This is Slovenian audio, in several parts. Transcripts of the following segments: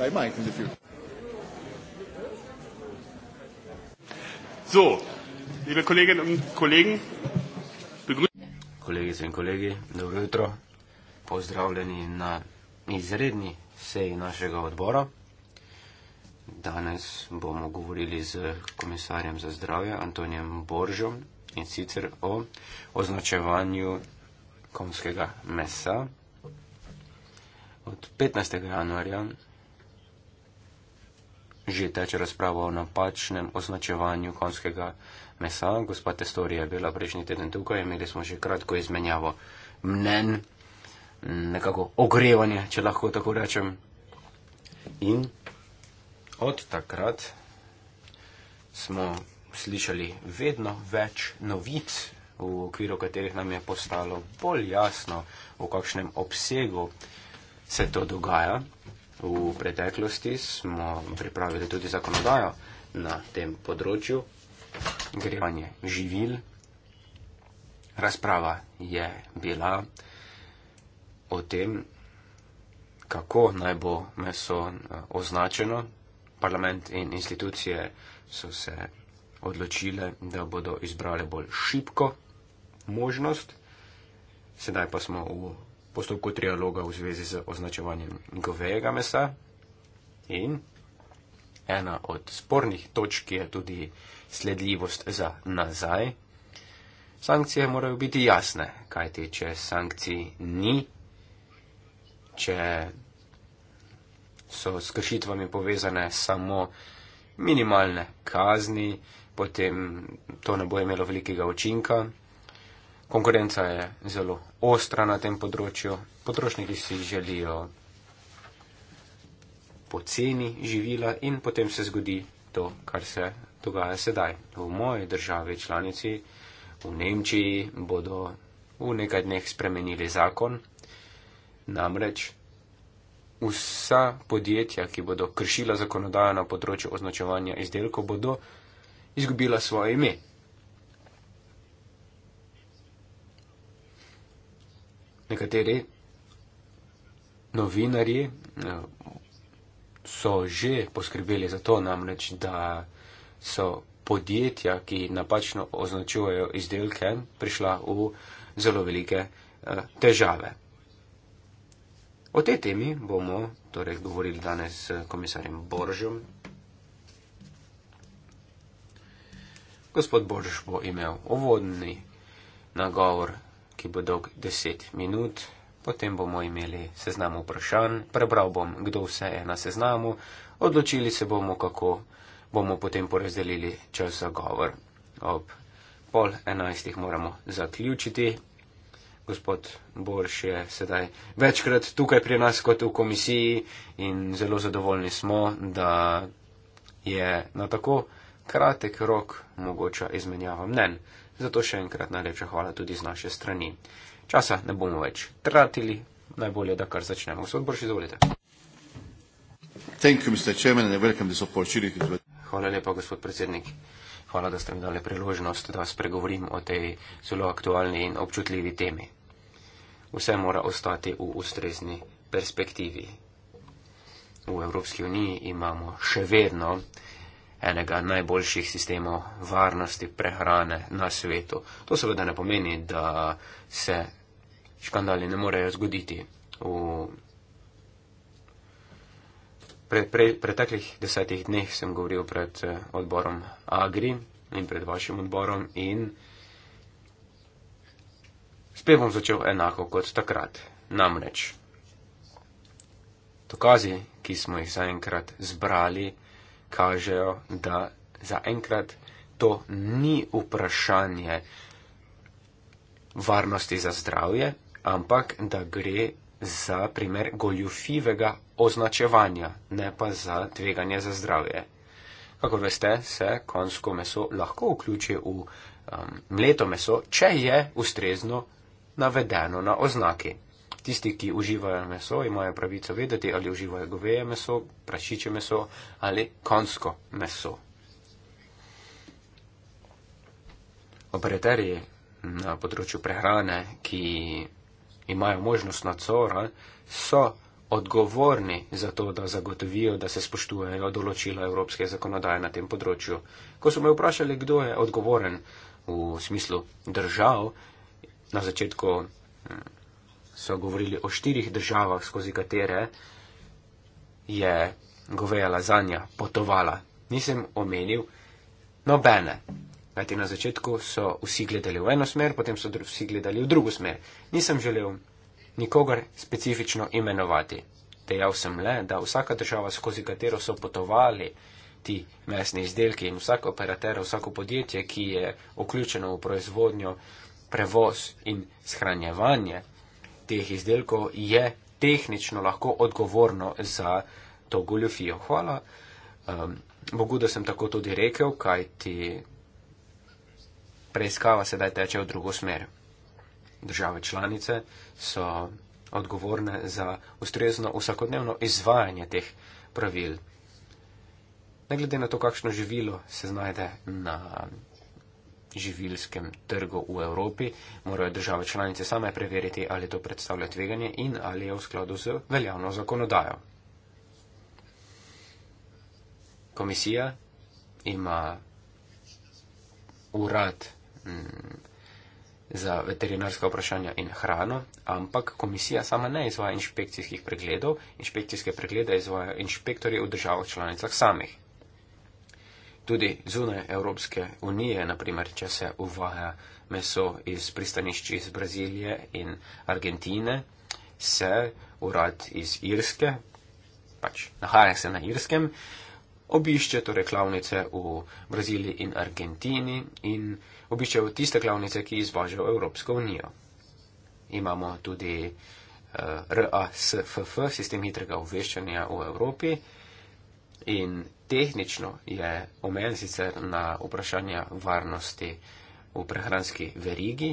Sei mal eingefügt. So, liebe Kolleginnen und Kollegen, begrüßen Sie. Kolleginnen und Kollegen, do jutro. Pozdravljeni na izredni seji našega odbora. Danes bomo govorili z komisarjem za zdravje Antonijem Boržom in sicer o označevanju konjskega mesa. Od 15. januarja že teče razprava o napačnem označevanju konjskega mesa. Gospa Testori je bila prejšnji teden tukaj, imeli smo že kratko izmenjavo mnen, nekako ogrevanje, če lahko tako rečem. In od takrat smo slišali vedno več novic, v okviru katerih nam je postalo bolj jasno, v kakšnem obsegu se to dogaja. V preteklosti smo pripravili tudi zakonodajo na tem področju, grevanje živil. Razprava je bila o tem, kako naj bo meso eh, označeno. Parlament in institucije so se odločile, da bodo izbrali bolj šibko možnost. Sedaj pa smo v postopku trialoga v zvezi z označevanjem govejega mesa. In ena od spornih točk je tudi sledljivost za nazaj. Sankcije morajo biti jasne, kajti če sankcij ni, če so s kršitvami povezane samo minimalne kazni, potem to ne bo imelo velikega učinka konkurenca je zelo ostra na tem področju. Potrošniki si želijo poceni živila in potem se zgodi to, kar se dogaja sedaj. V moji državi članici, v Nemčiji, bodo v nekaj dneh spremenili zakon. Namreč vsa podjetja, ki bodo kršila zakonodajo na področju označevanja izdelkov, bodo izgubila svoje ime. nekateri novinari eh, so že poskrbeli za to, namreč, da so podjetja, ki napačno označujejo izdelke, prišla v zelo velike eh, težave. O tej temi bomo torej govorili danes s komisarjem Boržom. Gospod Borž bo imel uvodni nagovor ki bo dolg 10 minut. Potem bomo imeli seznam vprašanj, prebral bom, kdo vse je na seznamu, odločili se bomo, kako bomo potem porazdelili čas za govor. Ob pol enajstih moramo zaključiti. Gospod Borš je sedaj večkrat tukaj pri nas kot v komisiji in zelo zadovoljni smo, da je na tako kratek rok mogoča izmenjava mnenj. Zato še enkrat najlepša hvala tudi z naše strani. Časa ne bomo več tratili, najbolje, da kar začnemo. Gospod Borš, izvolite. Hvala lepa, gospod predsednik. Hvala, da ste mi dali priložnost, da spregovorim o tej zelo aktualni in občutljivi temi. Vse mora ostati v ustrezni perspektivi. V Evropski uniji imamo še vedno enega najboljših sistemov varnosti prehrane na svetu. To seveda ne pomeni, da se škandali ne morejo zgoditi. V pre, pre, preteklih desetih dneh sem govoril pred eh, odborom Agri in pred vašim odborom in spet bom začel enako kot takrat. Namreč, dokazi, ki smo jih zaenkrat zbrali, kažejo, da zaenkrat to ni vprašanje varnosti za zdravje, ampak da gre za primer goljufivega označevanja, ne pa za tveganje za zdravje. Kako veste, se konsko meso lahko vključi v um, mleto meso, če je ustrezno navedeno na oznaki. Tisti, ki uživajo meso, imajo pravico vedeti, ali uživajo goveje meso, prašiče meso ali konsko meso. Operaterji na področju prehrane, ki imajo možnost nadzora, so odgovorni za to, da zagotovijo, da se spoštujejo določila evropske zakonodaje na tem področju. Ko so me vprašali, kdo je odgovoren v smislu držav, na začetku hm, so govorili o štirih državah, skozi katere je goveja lazanja potovala. Nisem omenil nobene. Kajti na začetku so vsi gledali v eno smer, potem so vsi gledali v drugo smer. Nisem želel nikogar specifično imenovati. Dejal sem le, da vsaka država, skozi katero so potovali ti mesni izdelki in vsak operater, vsako podjetje, ki je vključeno v proizvodnjo, prevoz in shranjevanje, teh izdelkov je tehnično lahko odgovorno za to goljofijo. Hvala. Um, Bogu, da sem tako tudi rekel, kaj ti preiskava sedaj teče v drugo smer. Države članice so odgovorne za ustrezno vsakodnevno izvajanje teh pravil. Ne glede na to, kakšno živilo se znajde na živilskem trgu v Evropi, morajo države članice same preveriti, ali to predstavlja tveganje in ali je v skladu z veljavno zakonodajo. Komisija ima urad m, mm, za veterinarska vprašanja in hrano, ampak komisija sama ne izvaja inšpekcijskih pregledov, inšpekcijske preglede izvajo inšpektori v državah članicah samih tudi zunaj Evropske unije, naprimer, če se uvaja meso iz pristanišč iz Brazilije in Argentine, se urad iz Irske, pač nahaja se na Irskem, obišče torej klavnice v Braziliji in Argentini in obišče tiste klavnice, ki izvažajo Evropsko unijo. Imamo tudi uh, eh, RASFF, sistem hitrega obveščanja v Evropi. In tehnično je omejen sicer na vprašanja varnosti v prehranski verigi,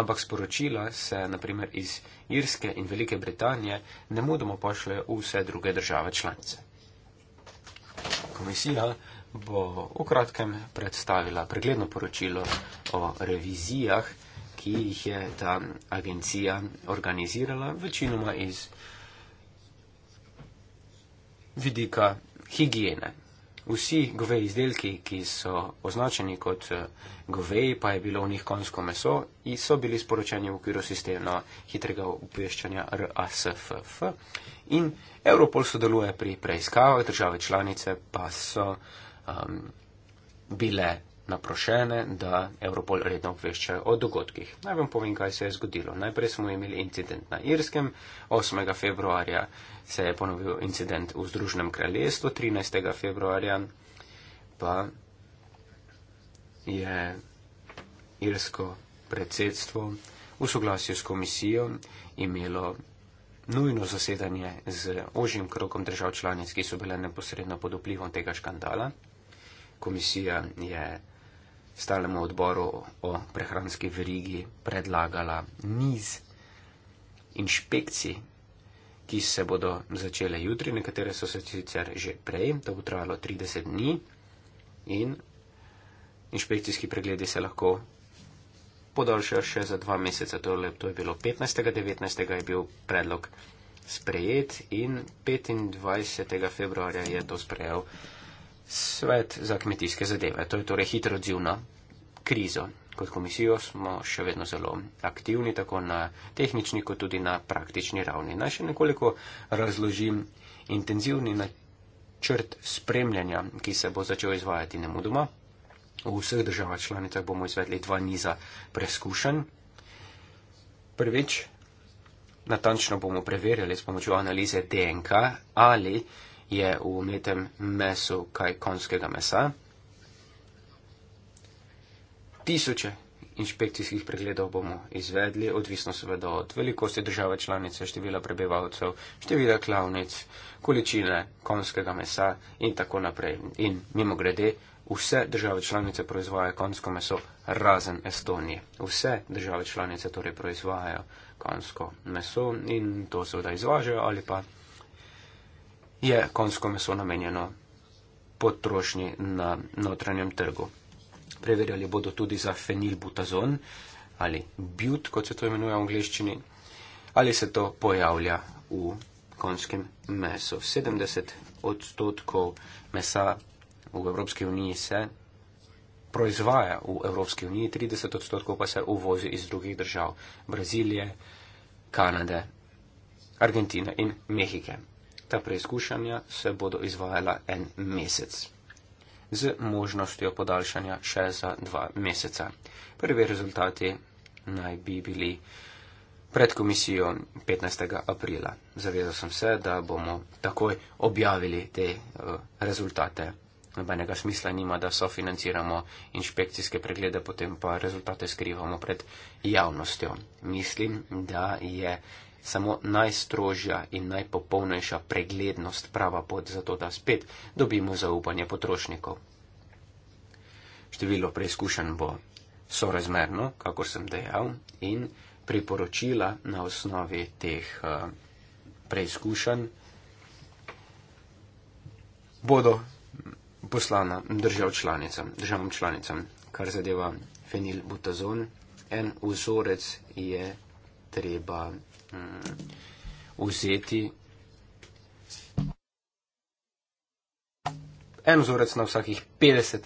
ampak sporočila se naprimer iz Irske in Velike Britanije ne mudoma pošljejo v vse druge države članice. Komisija bo v kratkem predstavila pregledno poročilo o revizijah, ki jih je ta agencija organizirala večinoma iz vidika higiene. Vsi goveji izdelki, ki so označeni kot eh, goveji, pa je bilo v njih konsko meso, so bili sporočeni v okviru sistema hitrega obveščanja RASFF. In Europol sodeluje pri preiskavah, države članice pa so um, bile naprošene, da Europol redno obvešča o dogodkih. Naj vam povem, kaj se je zgodilo. Najprej smo imeli incident na Irskem, 8. februarja se je ponovil incident v Združenem kraljestvu, 13. februarja pa je irsko predsedstvo v soglasju s komisijo imelo nujno zasedanje z ožjim krokom držav članic, ki so bile neposredno pod vplivom tega škandala. Komisija je stalemu odboru o prehranski verigi predlagala niz inšpekcij, ki se bodo začele jutri, nekatere so se sicer že prej, to bo trajalo 30 dni in inšpekcijski pregledi se lahko podaljšajo še za dva meseca, to je, to je bilo 15. 19. je bil predlog sprejet in 25. februarja je to sprejel svet za kmetijske zadeve. To je torej hitro odziv na krizo. Kot komisijo smo še vedno zelo aktivni, tako na tehnični, kot tudi na praktični ravni. Naj še nekoliko razložim intenzivni načrt spremljanja, ki se bo začel izvajati nemudoma. V vseh državah članicah bomo izvedli dva niza preskušanj. Prvič, natančno bomo preverjali s pomočjo analize DNK, ali je v umetem mesu kaj konjskega mesa tisoče inšpekcijskih pregledov bomo izvedli, odvisno seveda od velikosti države članice, števila prebivalcev, števila klavnic, količine konjskega mesa in tako naprej. In mimo grede, vse države članice proizvajajo konjsko meso razen Estonije. Vse države članice torej proizvajajo konjsko meso in to seveda izvažajo ali pa je konjsko meso namenjeno potrošnji na notranjem trgu preverjali bodo tudi za fenilbutazon ali bjut, kot se to imenuje v angliščini, ali se to pojavlja v konjskem mesu. 70 odstotkov mesa v Evropski uniji se proizvaja v Evropski uniji, 30 odstotkov pa se uvozi iz drugih držav Brazilije, Kanade, Argentine in Mehike. Ta preizkušanja se bodo izvajala en mesec z možnostjo podaljšanja še za dva meseca. Prvi rezultati naj bi bili pred komisijo 15. aprila. Zavezal sem se, da bomo takoj objavili te eh, rezultate. Nobenega smisla nima, da sofinanciramo inšpekcijske preglede, potem pa rezultate skrivamo pred javnostjo. Mislim, da je samo najstrožja in najpopolnejša preglednost prava pot, zato da spet dobimo zaupanje potrošnikov. Število preizkušenj bo sorazmerno, kako sem dejal, in priporočila na osnovi teh uh, preizkušenj bodo poslana držav članicam, državam članicam, kar zadeva fenilbutazon. En vzorec je treba Eh, vzeti en vzorec na vsakih 50 um,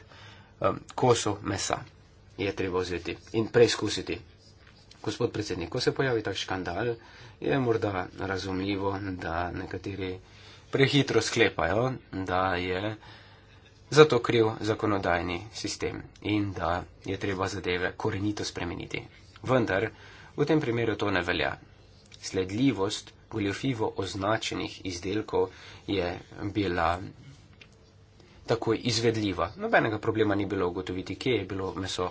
eh, kosov mesa. Je treba vzeti in preizkusiti. Gospod predsednik, ko se pojavi tak škandal, je morda razumljivo, da nekateri prehitro sklepajo, da je zato kriv zakonodajni sistem in da je treba zadeve korenito spremeniti. Vendar v tem primeru to ne velja sledljivost goljofivo označenih izdelkov je bila tako izvedljiva. Nobenega problema ni bilo ugotoviti, kje je bilo meso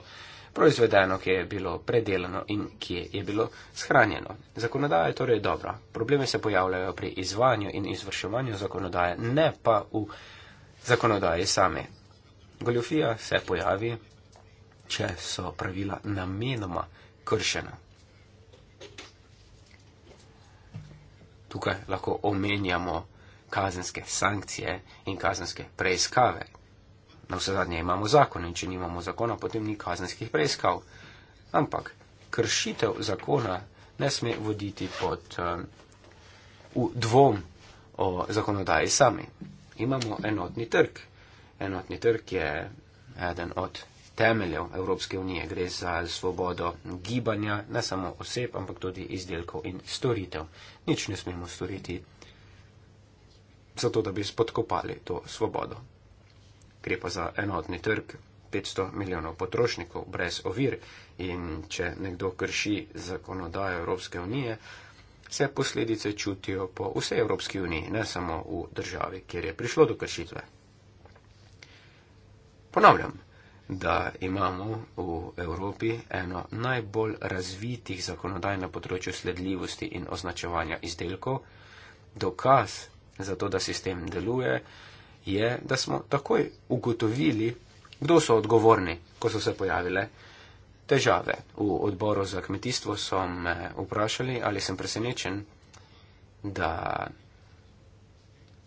proizvedeno, kje je bilo predelano in kje je bilo shranjeno. Zakonodaja je torej dobra. Probleme se pojavljajo pri izvanju in izvrševanju zakonodaje, ne pa v zakonodaji same. Goljofija se pojavi, če so pravila namenoma kršena. tukaj lahko omenjamo kazenske sankcije in kazenske preiskave. Na vse zadnje imamo zakon in če nimamo zakona, potem ni kazenskih preiskav. Ampak kršitev zakona ne sme voditi pod um, dvom o zakonodaji sami. Imamo enotni trg. Enotni trg je eden od temeljev Evropske unije. Gre za svobodo gibanja, ne samo oseb, ampak tudi izdelkov in storitev. Nič ne smemo storiti, zato da bi spodkopali to svobodo. Gre pa za enotni trg, 500 milijonov potrošnikov brez ovir in če nekdo krši zakonodajo Evropske unije, se posledice čutijo po vsej Evropski uniji, ne samo v državi, kjer je prišlo do kršitve. Ponavljam, da imamo v Evropi eno najbolj razvitih zakonodaj na področju sledljivosti in označevanja izdelkov. Dokaz za to, da sistem deluje, je, da smo takoj ugotovili, kdo so odgovorni, ko so se pojavile težave. V odboru za kmetijstvo so me vprašali, ali sem presenečen, da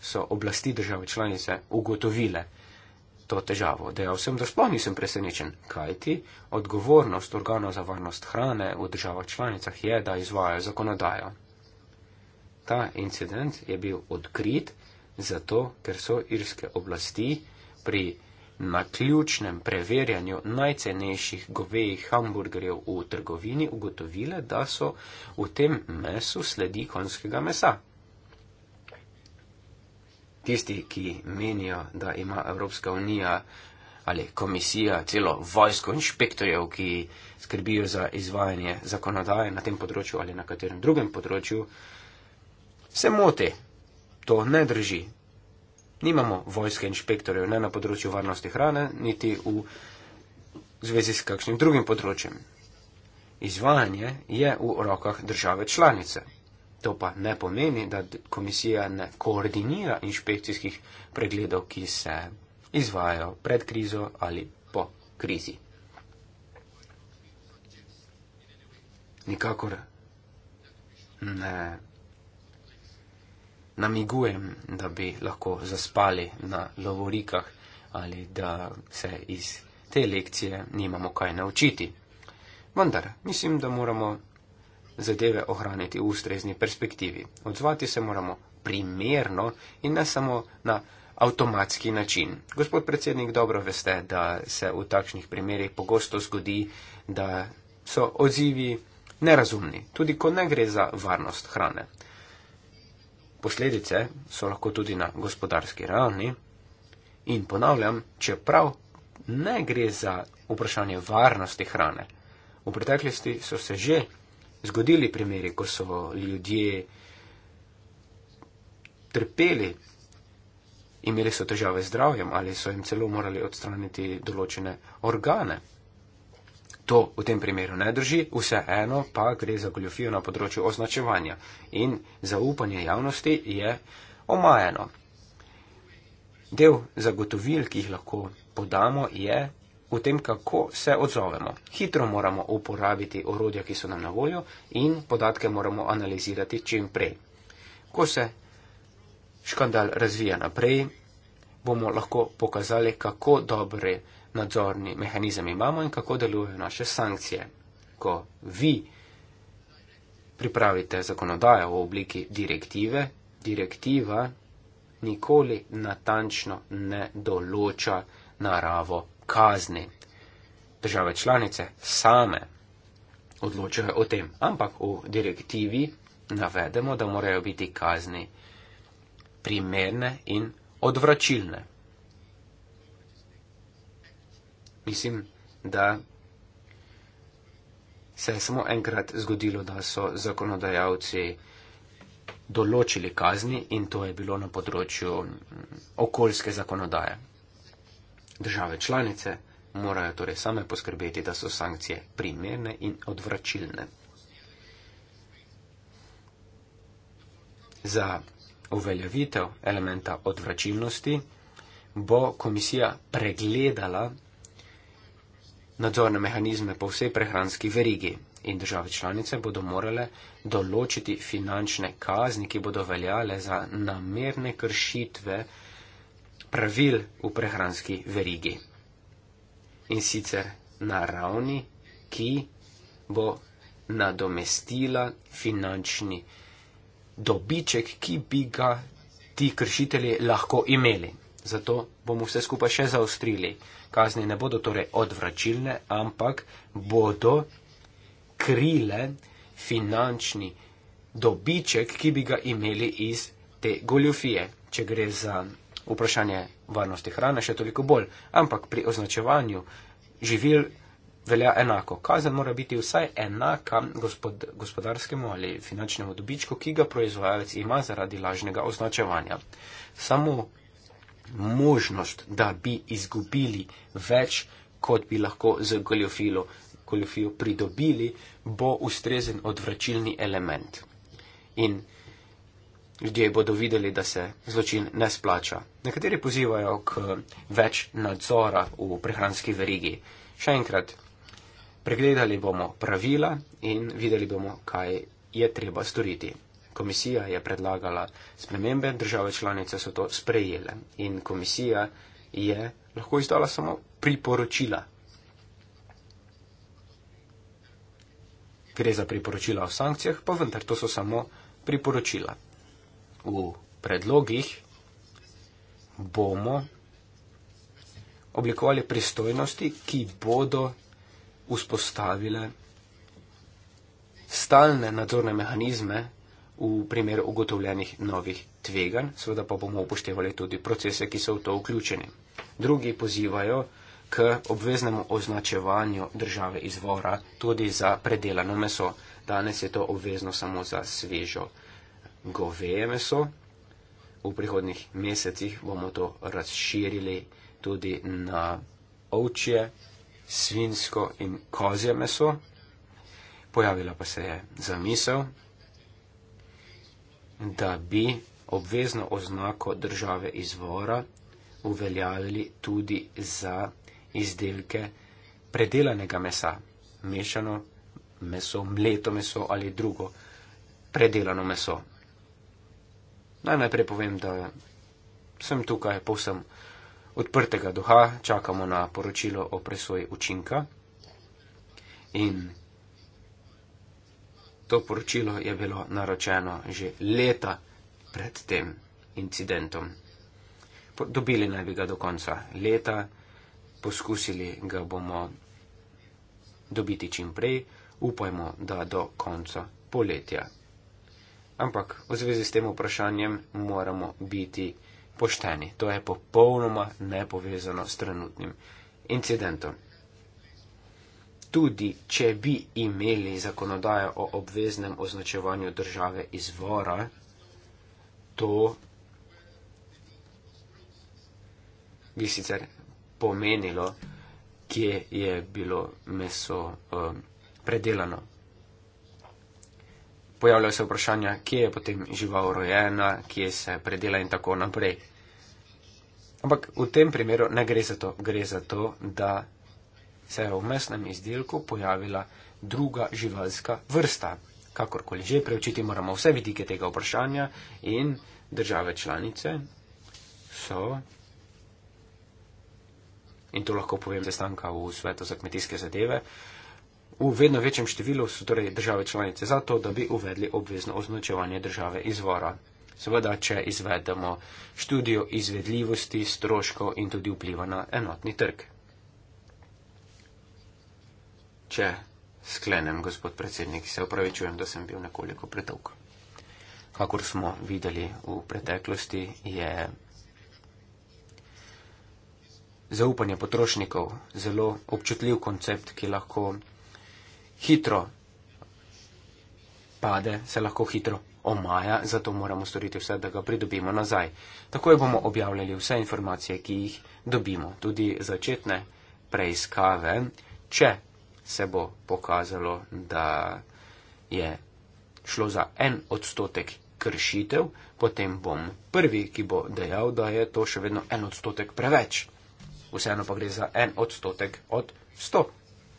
so oblasti države članice ugotovile, to težavo. Dejal sem, da sploh nisem presenečen, kajti odgovornost organov za varnost hrane v državah članicah je, da izvajajo zakonodajo. Ta incident je bil odkrit zato, ker so irske oblasti pri naključnem preverjanju najcenejših govejih hamburgerjev v trgovini ugotovile, da so v tem mesu sledi konjskega mesa tisti, ki menijo, da ima Evropska unija ali komisija celo vojsko inšpektorjev, ki skrbijo za izvajanje zakonodaje na tem področju ali na katerem drugem področju, se moti. To ne drži. Nimamo vojske inšpektorjev ne na področju varnosti hrane, niti v zvezi s kakšnim drugim področjem. Izvajanje je v rokah države članice. To pa ne pomeni, da komisija ne koordinira inšpekcijskih pregledov, ki se izvajajo pred krizo ali po krizi. Nikakor ne namigujem, da bi lahko zaspali na lovorikah ali da se iz te lekcije nimamo kaj naučiti. Vendar mislim, da moramo zadeve ohraniti v ustrezni perspektivi. Odzvati se moramo primerno in ne samo na avtomatski način. Gospod predsednik, dobro veste, da se v takšnih primerjih pogosto zgodi, da so odzivi nerazumni, tudi ko ne gre za varnost hrane. Posledice so lahko tudi na gospodarski ravni in ponavljam, čeprav ne gre za vprašanje varnosti hrane. V preteklosti so se že zgodili primeri, ko so ljudje trpeli, imeli so težave z zdravjem ali so jim celo morali odstraniti določene organe. To v tem primeru ne drži, vseeno pa gre za goljofijo na področju označevanja in zaupanje javnosti je omajeno. Del zagotovil, ki jih lahko podamo, je, v tem, kako se odzovemo. Hitro moramo uporabiti orodja, ki so nam na voljo in podatke moramo analizirati čim prej. Ko se škandal razvija naprej, bomo lahko pokazali, kako dobri nadzorni mehanizem imamo in kako delujejo naše sankcije. Ko vi pripravite zakonodajo v obliki direktive, direktiva nikoli natančno ne določa naravo kazni. Države članice same odločajo o tem, ampak v direktivi navedemo, da morajo biti kazni primerne in odvračilne. Mislim, da se je samo enkrat zgodilo, da so zakonodajalci določili kazni in to je bilo na področju okoljske zakonodaje. Države članice morajo torej same poskrbeti, da so sankcije primerne in odvračilne. Za uveljavitev elementa odvračilnosti bo komisija pregledala nadzorne mehanizme po vsej prehranski verigi in države članice bodo morale določiti finančne kazni, ki bodo veljale za namerne kršitve pravil v prehranski verigi. In sicer na ravni, ki bo nadomestila finančni dobiček, ki bi ga ti kršitelji lahko imeli. Zato bomo vse skupaj še zaostrili. Kazni ne bodo torej odvračilne, ampak bodo krile finančni dobiček, ki bi ga imeli iz te goljofije. Če gre za vprašanje varnosti hrane še toliko bolj, ampak pri označevanju živil velja enako. Kazen mora biti vsaj enaka gospod, gospodarskemu ali finančnemu dobičku, ki ga proizvajalec ima zaradi lažnega označevanja. Samo možnost, da bi izgubili več, kot bi lahko z goljofilo, goljofijo pridobili, bo ustrezen odvračilni element. In ljudje bodo videli, da se zločin ne splača. Nekateri pozivajo k več nadzora v prehranski verigi. Še enkrat, pregledali bomo pravila in videli bomo, kaj je treba storiti. Komisija je predlagala spremembe, države članice so to sprejele in komisija je lahko izdala samo priporočila. Gre za priporočila o sankcijah, pa vendar to so samo priporočila v predlogih, bomo oblikovali pristojnosti, ki bodo vzpostavile stalne nadzorne mehanizme v primeru ugotovljenih novih tvegan, seveda pa bomo upoštevali tudi procese, ki so v to vključeni. Drugi pozivajo k obveznemu označevanju države izvora tudi za predelano meso. Danes je to obvezno samo za svežo goveje meso. V prihodnih mesecih bomo to razširili tudi na ovčje, svinsko in kozje meso. Pojavila pa se je zamisel, da bi obvezno oznako države izvora uveljavili tudi za izdelke predelanega mesa, mešano meso, mleto meso ali drugo predelano meso. Naj najprej povem, da sem tukaj povsem odprtega duha, čakamo na poročilo o presoji učinka. In to poročilo je bilo naročeno že leta pred tem incidentom. Dobili naj bi ga do konca leta, poskusili ga bomo dobiti čim prej, upajmo, da do konca poletja ampak v zvezi s tem vprašanjem moramo biti pošteni. To je popolnoma nepovezano s trenutnim incidentom. Tudi, če bi imeli zakonodajo o obveznem označevanju države izvora, to bi sicer pomenilo, kje je bilo meso um, predelano, pojavljajo se vprašanja, kje je potem žival rojena, kje se predela in tako naprej. Ampak v tem primeru ne gre za to, gre za to, da se je v mesnem izdelku pojavila druga živalska vrsta. Kakorkoli že, preučiti moramo vse vidike tega vprašanja in države članice so, in to lahko povem zastanka v svetu za kmetijske zadeve, v vedno večjem številu so torej države članice za to, da bi uvedli obvezno označevanje države izvora. Seveda, če izvedemo študijo izvedljivosti, stroškov in tudi vpliva na enotni trg. Če sklenem, gospod predsednik, se upravičujem, da sem bil nekoliko pretolk. Kakor smo videli v preteklosti, je zaupanje potrošnikov zelo občutljiv koncept, ki lahko hitro pade, se lahko hitro omaja, zato moramo storiti vse, da ga pridobimo nazaj. Takoj bomo objavljali vse informacije, ki jih dobimo, tudi začetne preiskave, če se bo pokazalo, da je šlo za en odstotek kršitev, potem bom prvi, ki bo dejal, da je to še vedno en odstotek preveč. Vseeno pa gre za en odstotek od sto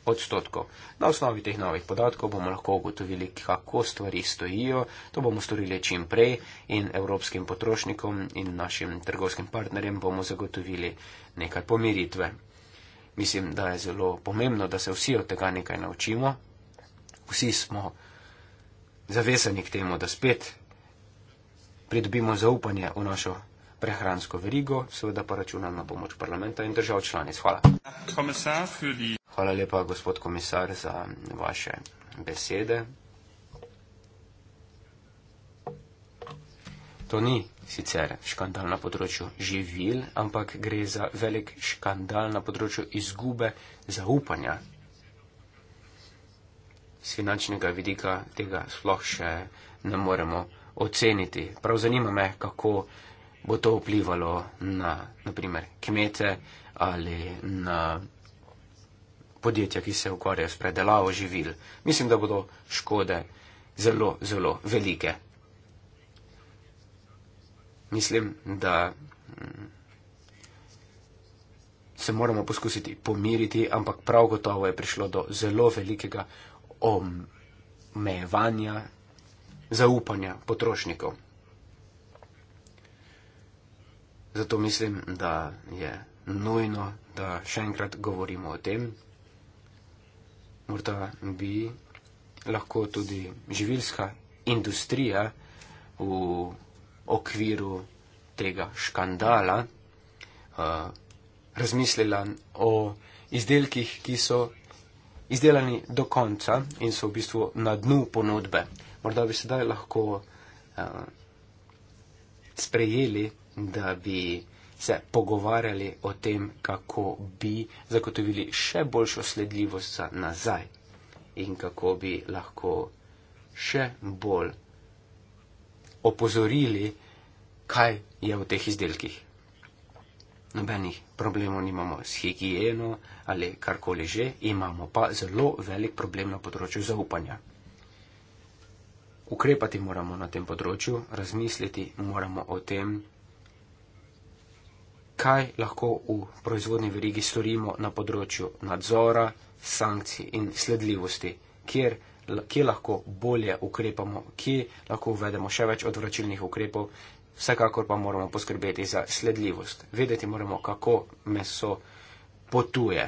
odstotkov. Na osnovi teh novih podatkov bomo lahko ugotovili, kako stvari stojijo, to bomo storili čim prej in evropskim potrošnikom in našim trgovskim partnerjem bomo zagotovili nekaj pomiritve. Mislim, da je zelo pomembno, da se vsi od tega nekaj naučimo. Vsi smo zavezani k temu, da spet pridobimo zaupanje v našo prehransko verigo, seveda pa računam na pomoč parlamenta in držav članic. Hvala. Hvala lepa, gospod komisar, za vaše besede. To ni sicer škandal na področju živil, ampak gre za velik škandal na področju izgube zaupanja. Z finančnega vidika tega sploh še ne moremo oceniti. Prav zanima me, kako bo to vplivalo na, naprimer, kmete ali na podjetja, ki se ukvarjajo s predelavo živil. Mislim, da bodo škode zelo, zelo velike. Mislim, da mm, se moramo poskusiti pomiriti, ampak prav gotovo je prišlo do zelo velikega omejevanja zaupanja potrošnikov. Zato mislim, da je nujno, da še enkrat govorimo o tem morda bi lahko tudi živilska industrija v okviru tega škandala uh, razmislila o izdelkih, ki so izdelani do konca in so v bistvu na dnu ponudbe. Morda bi sedaj lahko uh, sprejeli, da bi se pogovarjali o tem, kako bi zagotovili še boljšo sledljivost za nazaj in kako bi lahko še bolj opozorili, kaj je v teh izdelkih. Nobenih problemov nimamo s higieno ali karkoli že, imamo pa zelo velik problem na področju zaupanja. Ukrepati moramo na tem področju, razmisliti moramo o tem, kaj lahko v proizvodni verigi storimo na področju nadzora, sankcij in sledljivosti, kjer, kje lahko bolje ukrepamo, kje lahko uvedemo še več odvračilnih ukrepov, vsekakor pa moramo poskrbeti za sledljivost. Vedeti moramo, kako meso potuje.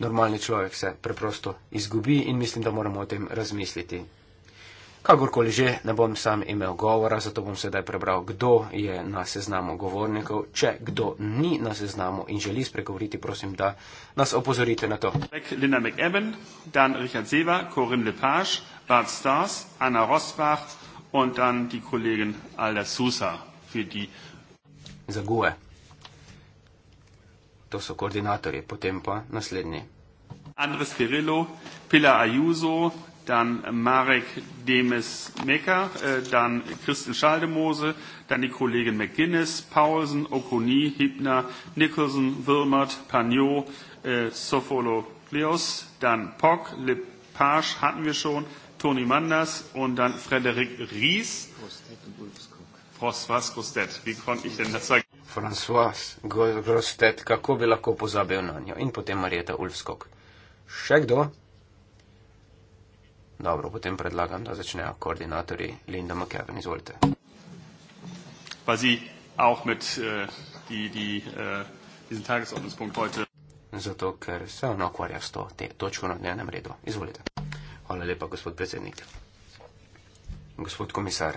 Normalni človek se preprosto izgubi in mislim, da moramo o tem razmisliti. Kakorkoli že, ne bom sam imel govora, zato bom sedaj prebral, kdo je na seznamu govornikov. Če kdo ni na seznamu in želi spregovoriti, prosim, da nas opozorite na to. Linda McEwen, Dan Richard Seva, Corinne Lepage, Bart Stars, Anna Rosbach in dan ti kolegin Alda Susa, ki ti zaguje. To so koordinatorji, potem pa naslednji. Andres Pirillo, Pilar Ayuso, dann Marek Demes-Mekka, äh, dann Christen Schaldemose, dann die Kollegen McGuinness, Paulsen, Okoni, Hibner, Nicholson, Wilmert, Pagnot, äh, Sofolo-Leos, dann Pock, Lepage hatten wir schon, Toni Manders und dann Frederik Ries. François Grostet, wie konnte ich denn das sagen? François Grostet, kako bi lahko pozabil na njo? In potem Marieta Ulfskog. Še kdo? Dobro, potem predlagam, da začnejo koordinatorji Linda McKeven. Izvolite. Äh, äh, Zato, ker se on okvarja s to te, točko na dnevnem redu. Izvolite. Hvala lepa, gospod predsednik. Gospod komisar,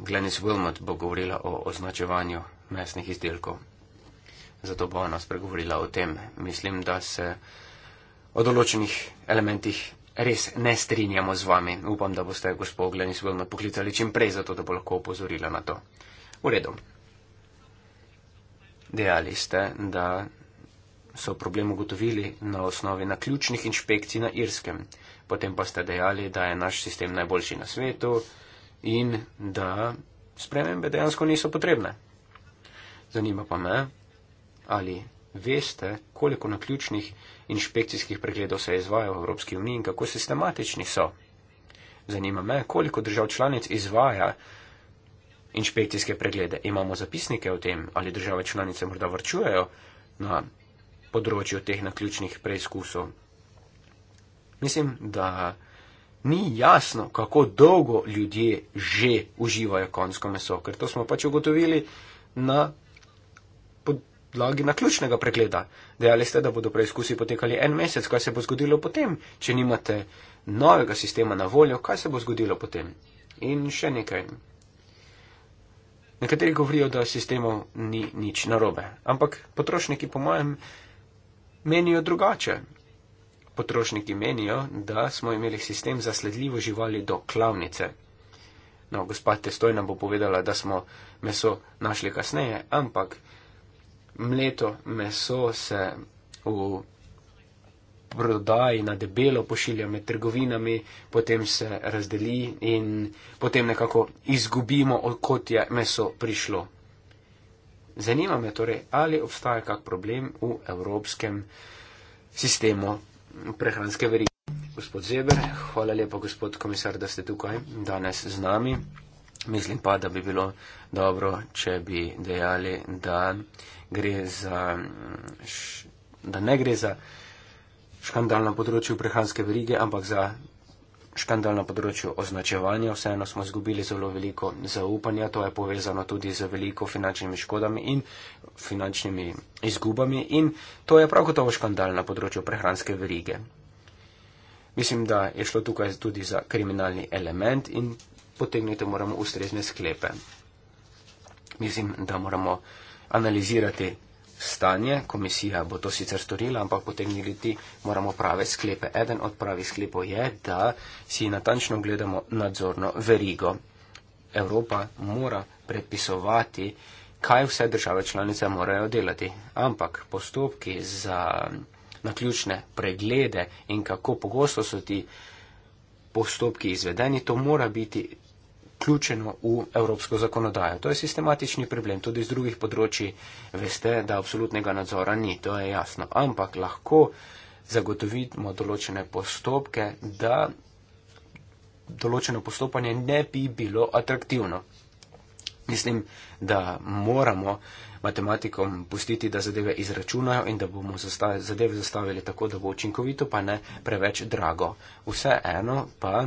Glenis Wilmot bo govorila o označevanju mesnih izdelkov. Zato bo ona spregovorila o tem. Mislim, da se o določenih elementih res ne strinjamo z vami. Upam, da boste gospod Glenis Vilme poklicali čim prej, zato da bo lahko opozorila na to. V redu. Dejali ste, da so problem ugotovili na osnovi naključnih inšpekcij na Irskem. Potem pa ste dejali, da je naš sistem najboljši na svetu in da spremembe dejansko niso potrebne. Zanima pa me, ali veste, koliko naključnih inšpekcij inšpekcijskih pregledov se izvaja v Evropski uniji in kako sistematični so. Zanima me, koliko držav članic izvaja inšpekcijske preglede. Imamo zapisnike o tem, ali države članice morda vrčujejo na področju teh naključnih preizkusov. Mislim, da ni jasno, kako dolgo ljudje že uživajo konsko meso, ker to smo pač ugotovili na podlagi naključnega pregleda. Dejali ste, da bodo preizkusi potekali en mesec. Kaj se bo zgodilo potem, če nimate novega sistema na voljo? Kaj se bo zgodilo potem? In še nekaj. Nekateri govorijo, da sistemov ni nič narobe, ampak potrošniki, po mojem, menijo drugače. Potrošniki menijo, da smo imeli sistem za sledljivo živali do klavnice. No, gospod Testojna bo povedala, da smo meso našli kasneje, ampak mleto meso se v prodaji na debelo pošilja med trgovinami, potem se razdeli in potem nekako izgubimo, odkot je meso prišlo. Zanima me torej, ali obstaja kak problem v evropskem sistemu prehranske verige. Gospod Zeber, hvala lepa, gospod komisar, da ste tukaj danes z nami. Mislim pa, da bi bilo dobro, če bi dejali, da, za, da ne gre za škandal na področju prehranske verige, ampak za škandal na področju označevanja. Vseeno smo izgubili zelo veliko zaupanja, to je povezano tudi z veliko finančnimi škodami in finančnimi izgubami in to je prav gotovo škandal na področju prehranske verige. Mislim, da je šlo tukaj tudi za kriminalni element in potegniti moramo ustrezne sklepe. Mislim, da moramo analizirati stanje, komisija bo to sicer storila, ampak potegniti moramo prave sklepe. Eden od pravih sklepov je, da si natančno gledamo nadzorno verigo. Evropa mora predpisovati, kaj vse države članice morajo delati, ampak postopki za naključne preglede in kako pogosto so ti postopki izvedeni, to mora biti vključeno v evropsko zakonodajo. To je sistematični problem. Tudi z drugih področji veste, da absolutnega nadzora ni, to je jasno. Ampak lahko zagotovimo določene postopke, da določeno postopanje ne bi bilo atraktivno. Mislim, da moramo matematikom pustiti, da zadeve izračunajo in da bomo zadeve zastavili tako, da bo učinkovito, pa ne preveč drago. Vseeno pa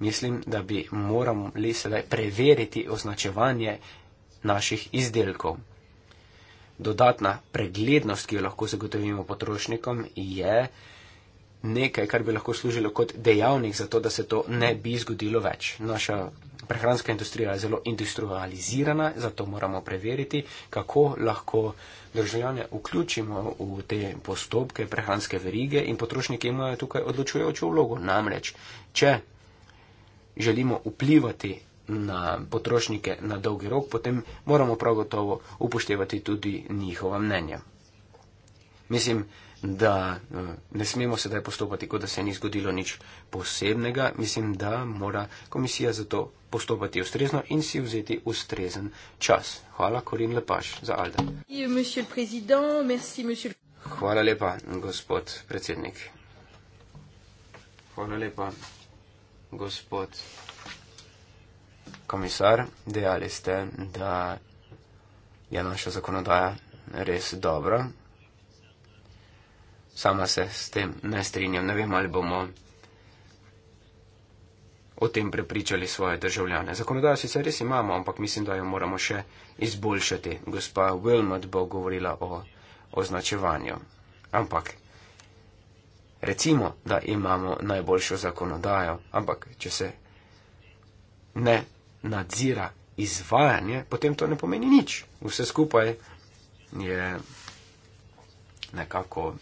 mislim, da bi morali sedaj preveriti označevanje naših izdelkov. Dodatna preglednost, ki jo lahko zagotovimo potrošnikom, je nekaj, kar bi lahko služilo kot dejavnik za to, da se to ne bi zgodilo več. Naša prehranska industrija je zelo industrializirana, zato moramo preveriti, kako lahko državljane vključimo v te postopke prehranske verige in potrošniki imajo tukaj odločujočo vlogo. Namreč, če želimo vplivati na potrošnike na dolgi rok, potem moramo prav gotovo upoštevati tudi njihova mnenja. Mislim, da eh, ne smemo sedaj postopati, kot da se ni zgodilo nič posebnega. Mislim, da mora komisija za to postopati ustrezno in si vzeti ustrezen čas. Hvala, Korin Lepaš, za Alde. Hvala lepa, gospod predsednik. Hvala lepa gospod komisar, dejali ste, da je naša zakonodaja res dobra. Sama se s tem ne strinjam. Ne vem, ali bomo o tem prepričali svoje državljane. Zakonodajo sicer res imamo, ampak mislim, da jo moramo še izboljšati. Gospa Wilmot bo govorila o označevanju. Ampak recimo, da imamo najboljšo zakonodajo, ampak če se ne nadzira izvajanje, potem to ne pomeni nič. Vse skupaj je nekako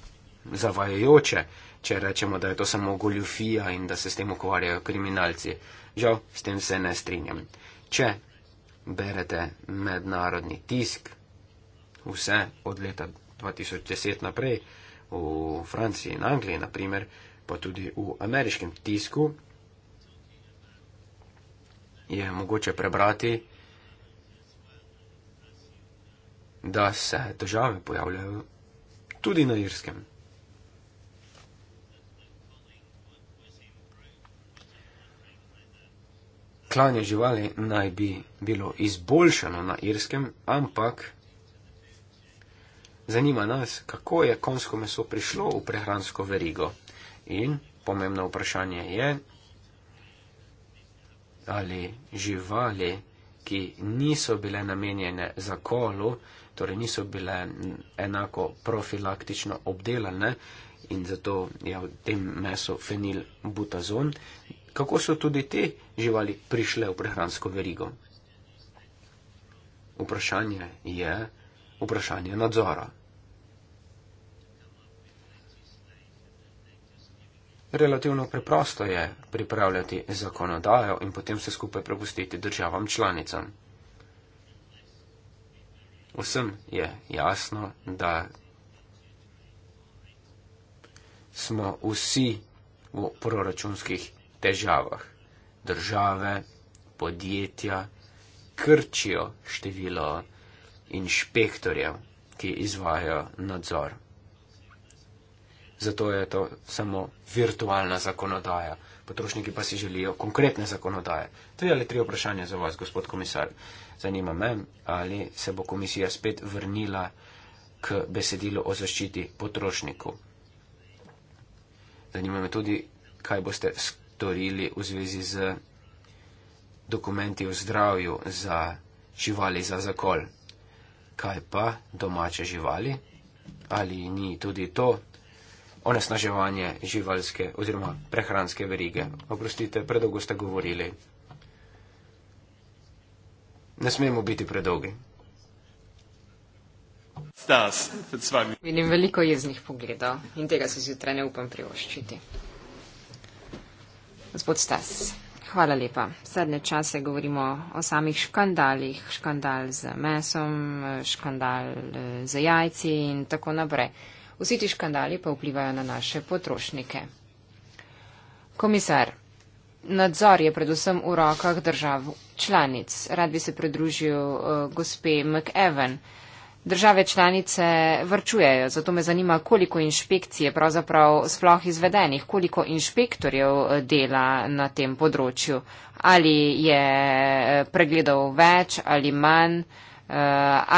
zavajajoče, če rečemo, da je to samo goljufija in da se s tem ukvarjajo kriminalci. Žal, s tem se ne strinjam. Če berete mednarodni tisk, vse od leta 2010 naprej, v Franciji in Angliji, naprimer, pa tudi v ameriškem tisku, je mogoče prebrati, da se težave pojavljajo tudi na irskem. Klanje živali naj bi bilo izboljšano na irskem, ampak Zanima nas, kako je konsko meso prišlo v prehransko verigo. In pomembno vprašanje je, ali živali, ki niso bile namenjene za kolo, torej niso bile enako profilaktično obdelane in zato je v tem meso fenil butazon, kako so tudi te živali prišle v prehransko verigo. Vprašanje je, vprašanje nadzora. Relativno preprosto je pripravljati zakonodajo in potem vse skupaj prepustiti državam članicam. Vsem je jasno, da smo vsi v proračunskih težavah. Države, podjetja krčijo število inšpektorjev, ki izvajo nadzor. Zato je to samo virtualna zakonodaja. Potrošniki pa si želijo konkretne zakonodaje. Tri ali tri vprašanja za vas, gospod komisar. Zanima me, ali se bo komisija spet vrnila k besedilu o zaščiti potrošnikov. Zanima me tudi, kaj boste storili v zvezi z dokumenti o zdravju za živali za zakol kaj pa domače živali? Ali ni tudi to onesnaževanje živalske oziroma prehranske verige? Oprostite, predolgo ste govorili. Ne smemo biti predolgi. Stas, Vidim veliko jeznih pogledov in tega se zjutraj ne upam privoščiti. Gospod Stas. Hvala lepa. Sedne čase govorimo o samih škandalih, škandal z mesom, škandal e, z jajci in tako naprej. Vsi ti škandali pa vplivajo na naše potrošnike. Komisar, nadzor je predvsem v rokah držav članic. Rad bi se pridružil uh, gospe McEwen. Uh, Države članice vrčujejo, zato me zanima, koliko inšpekcij je pravzaprav sploh izvedenih, koliko inšpektorjev eh, dela na tem področju, ali je eh, pregledov več ali manj, eh,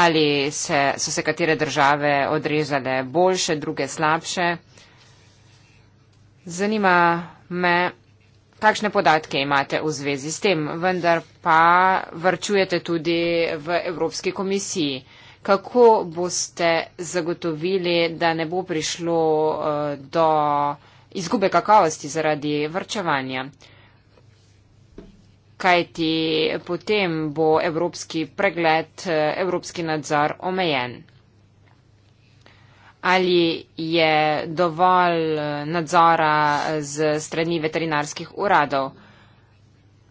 ali se, so se katere države odrezale boljše, druge slabše. Zanima me, kakšne podatke imate v zvezi s tem, vendar pa vrčujete tudi v Evropski komisiji kako boste zagotovili, da ne bo prišlo eh, do izgube kakovosti zaradi vrčevanja. Kajti potem bo evropski pregled, eh, evropski nadzor omejen. Ali je dovolj eh, nadzora z strani veterinarskih uradov?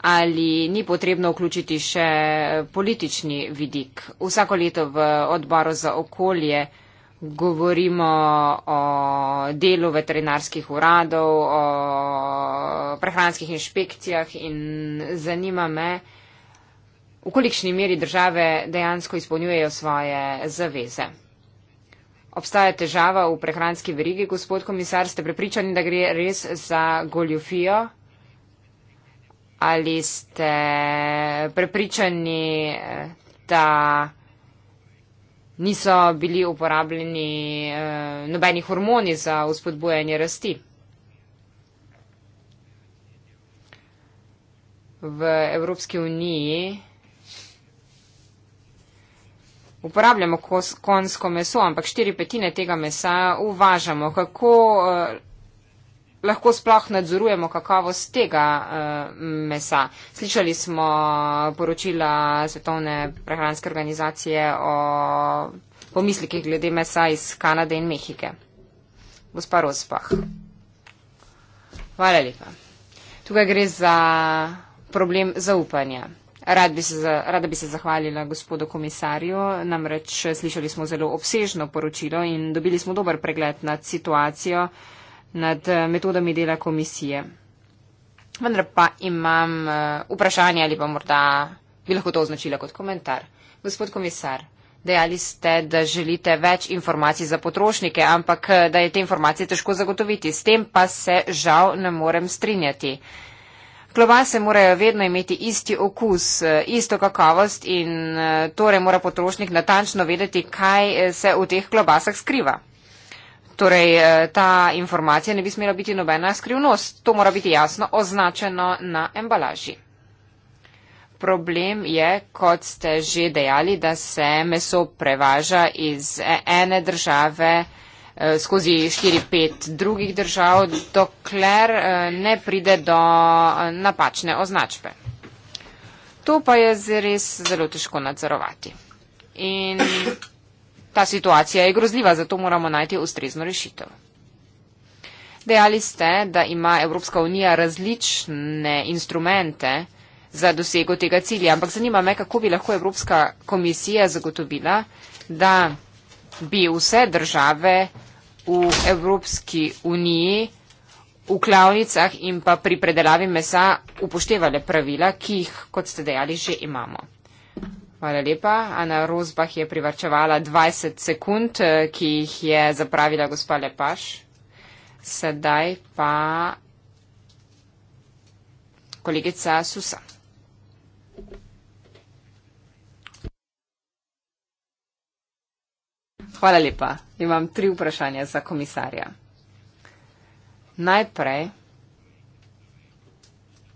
ali ni potrebno vključiti še politični vidik. Vsako leto v odboru za okolje govorimo o delu veterinarskih uradov, o prehranskih inšpekcijah in zanima me, v kolikšni meri države dejansko izpolnjujejo svoje zaveze. Obstaja težava v prehranski verigi, gospod komisar, ste prepričani, da gre res za goljufijo? ali ste prepričani, da niso bili uporabljeni eh, nobeni hormoni za uspodbujanje rasti. V Evropski uniji uporabljamo kos, konsko meso, ampak štiri petine tega mesa uvažamo. Kako eh, lahko sploh nadzorujemo kakovost tega uh, mesa. Slišali smo poročila Svetovne prehranske organizacije o pomislikih glede mesa iz Kanade in Mehike. Gospa Rozpah. Hvala lepa. Tukaj gre za problem zaupanja. Rad bi se, rada bi se zahvalila gospodu komisarju, namreč slišali smo zelo obsežno poročilo in dobili smo dober pregled nad situacijo nad eh, metodami dela komisije. Vendar pa imam eh, vprašanje ali pa morda bi lahko to označila kot komentar. Gospod komisar, dejali ste, da želite več informacij za potrošnike, ampak eh, da je te informacije težko zagotoviti. S tem pa se žal ne morem strinjati. Klobase morajo vedno imeti isti okus, isto kakovost in torej mora potrošnik natančno vedeti, kaj se v teh klobasah skriva. Torej, eh, ta informacija ne bi smela biti nobena skrivnost. To mora biti jasno označeno na embalaži. Problem je, kot ste že dejali, da se meso prevaža iz e, ene države e, skozi 4-5 drugih držav, dokler e, ne pride do napačne označbe. To pa je res zelo težko nadzorovati. In Ta situacija je grozljiva, zato moramo najti ustrezno rešitev. Dejali ste, da ima Evropska unija različne instrumente za dosego tega cilja, ampak zanima me, kako bi lahko Evropska komisija zagotovila, da bi vse države v Evropski uniji v klavnicah in pa pri predelavi mesa upoštevale pravila, ki jih, kot ste dejali, že imamo. Hvala lepa. Ana Rozbah je privrčevala 20 sekund, eh, ki jih je zapravila gospa Lepaš. Sedaj pa kolegica Susa. Hvala lepa. Imam tri vprašanja za komisarja. Najprej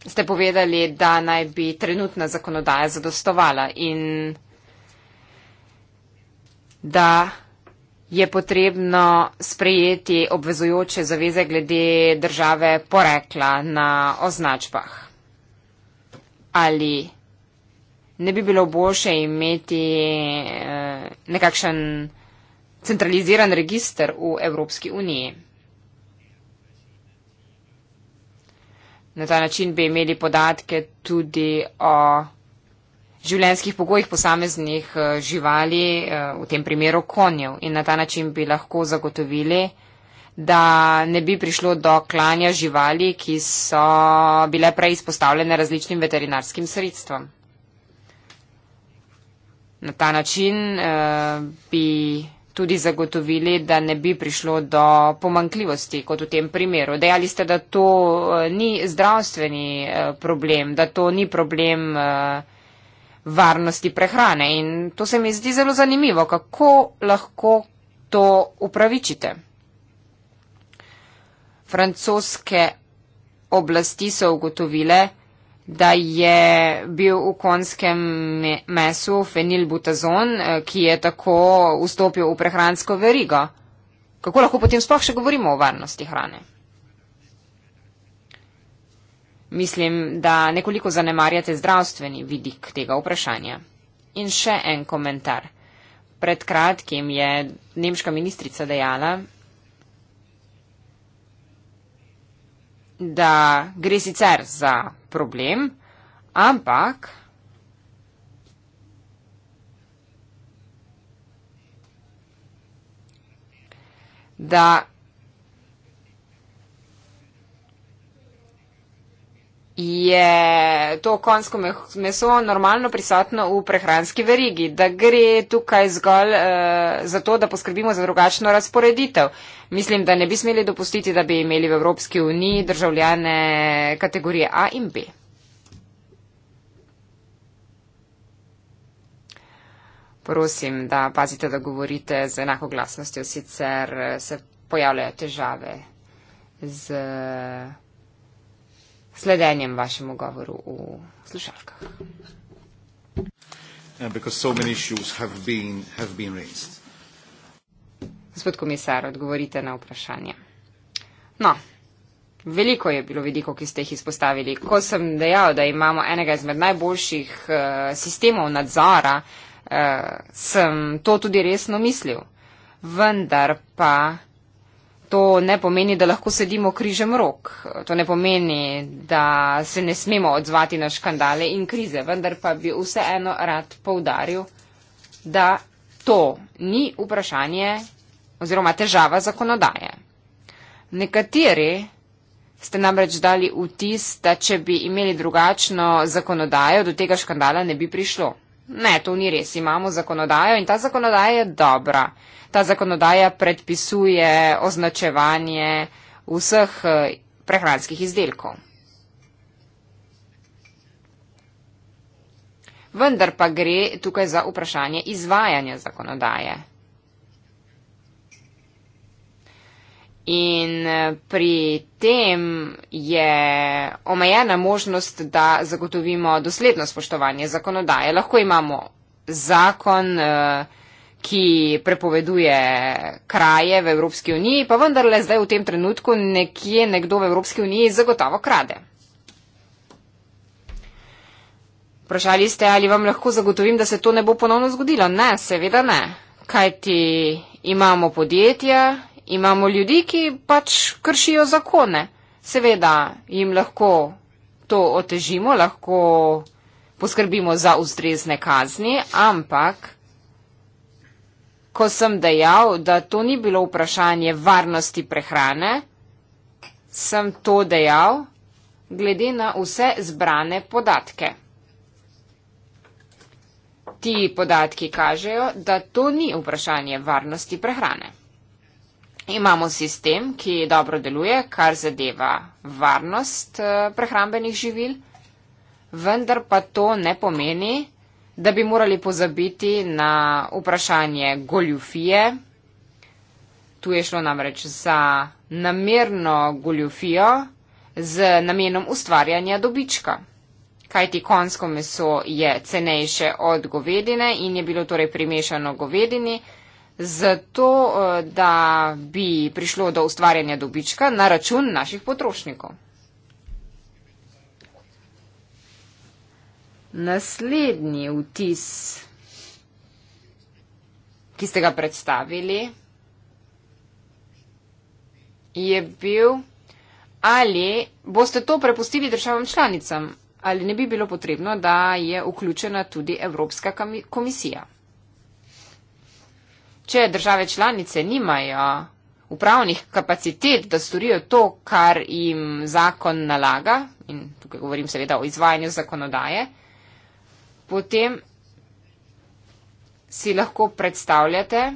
ste povedali, da naj bi trenutna zakonodaja zadostovala in da je potrebno sprejeti obvezujoče zaveze glede države porekla na označbah. Ali ne bi bilo boljše imeti eh, nekakšen centraliziran register v Evropski uniji? Na ta način bi imeli podatke tudi o življenskih pogojih posameznih eh, živali, eh, v tem primeru konjev. In na ta način bi lahko zagotovili, da ne bi prišlo do klanja živali, ki so bile prej izpostavljene različnim veterinarskim sredstvom. Na ta način uh, bi tudi zagotovili, da ne bi prišlo do pomankljivosti, kot v tem primeru. Dejali ste, da to eh, ni zdravstveni eh, problem, da to ni problem eh, varnosti prehrane. In to se mi zdi zelo zanimivo, kako lahko to upravičite. Francoske oblasti so ugotovile, da je bil v konskem mesu fenilbutazon, eh, ki je tako vstopil v prehransko verigo. Kako lahko potem sploh še govorimo o varnosti hrane? Mislim, da nekoliko zanemarjate zdravstveni vidik tega vprašanja. In še en komentar. Pred kratkim je nemška ministrica dejala, da gre sicer za problem, ampak da je to konsko meso normalno prisotno v prehranski verigi, da gre tukaj zgolj uh, za to, da poskrbimo za drugačno razporeditev. Mislim, da ne bi smeli dopustiti, da bi imeli v Evropski uniji državljane kategorije A in B. Prosim, da pazite, da govorite z enako glasnostjo, sicer eh, se pojavljajo težave z. Uh, sledenjem vašemu govoru v slušalkah. Uh, Gospod komisar, odgovorite na vprašanje. No, veliko je bilo vidikov, ki ste jih izpostavili. Ko sem dejal, da imamo enega izmed najboljših uh, sistemov nadzora, uh, sem to tudi resno mislil. Vendar pa to ne pomeni, da lahko sedimo križem rok. To ne pomeni, da se ne smemo odzvati na škandale in krize, vendar pa bi vseeno rad poudaril, da to ni vprašanje oziroma težava zakonodaje. Nekateri ste namreč dali vtis, da če bi imeli drugačno zakonodajo, do tega škandala ne bi prišlo. Ne, to ni res. Imamo zakonodajo in ta zakonodaja je dobra. Ta zakonodaja predpisuje označevanje vseh eh, prehranskih izdelkov. Vendar pa gre tukaj za vprašanje izvajanja zakonodaje. In eh, pri tem je omejena možnost, da zagotovimo dosledno spoštovanje zakonodaje. Lahko imamo zakon, eh, ki prepoveduje kraje v Evropski uniji, pa vendarle zdaj v tem trenutku nekje nekdo v Evropski uniji zagotovo krade. Vprašali ste, ali vam lahko zagotovim, da se to ne bo ponovno zgodilo. Ne, seveda ne. Kajti imamo podjetja, Imamo ljudi, ki pač kršijo zakone. Seveda jim lahko to otežimo, lahko poskrbimo za ustrezne kazni, ampak ko sem dejal, da to ni bilo vprašanje varnosti prehrane, sem to dejal glede na vse zbrane podatke. Ti podatki kažejo, da to ni vprašanje varnosti prehrane. Imamo sistem, ki dobro deluje, kar zadeva varnost eh, prehrambenih živil, vendar pa to ne pomeni, da bi morali pozabiti na vprašanje goljufije. Tu je šlo namreč za namerno goljufijo z namenom ustvarjanja dobička. Kajti konsko meso je cenejše od govedine in je bilo torej primešano govedini, zato, eh, da bi prišlo do ustvarjanja dobička na račun naših potrošnikov. Naslednji vtis, ki ste ga predstavili, je bil, ali boste to prepustili državam članicam, ali ne bi bilo potrebno, da je vključena tudi Evropska komisija če države članice nimajo upravnih kapacitet, da storijo to, kar jim zakon nalaga, in tukaj govorim seveda o izvajanju zakonodaje, potem si lahko predstavljate,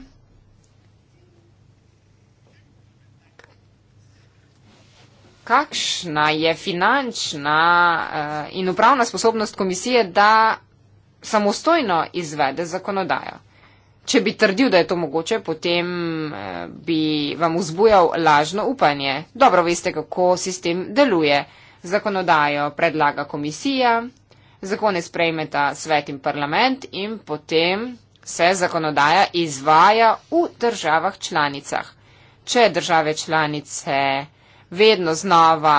kakšna je finančna eh, in upravna sposobnost komisije, da samostojno izvede zakonodajo. Če bi trdil, da je to mogoče, potem eh, bi vam vzbujal lažno upanje. Dobro veste, kako sistem deluje. Zakonodajo predlaga komisija, zakone sprejmeta svet in parlament in potem se zakonodaja izvaja v državah članicah. Če države članice vedno znova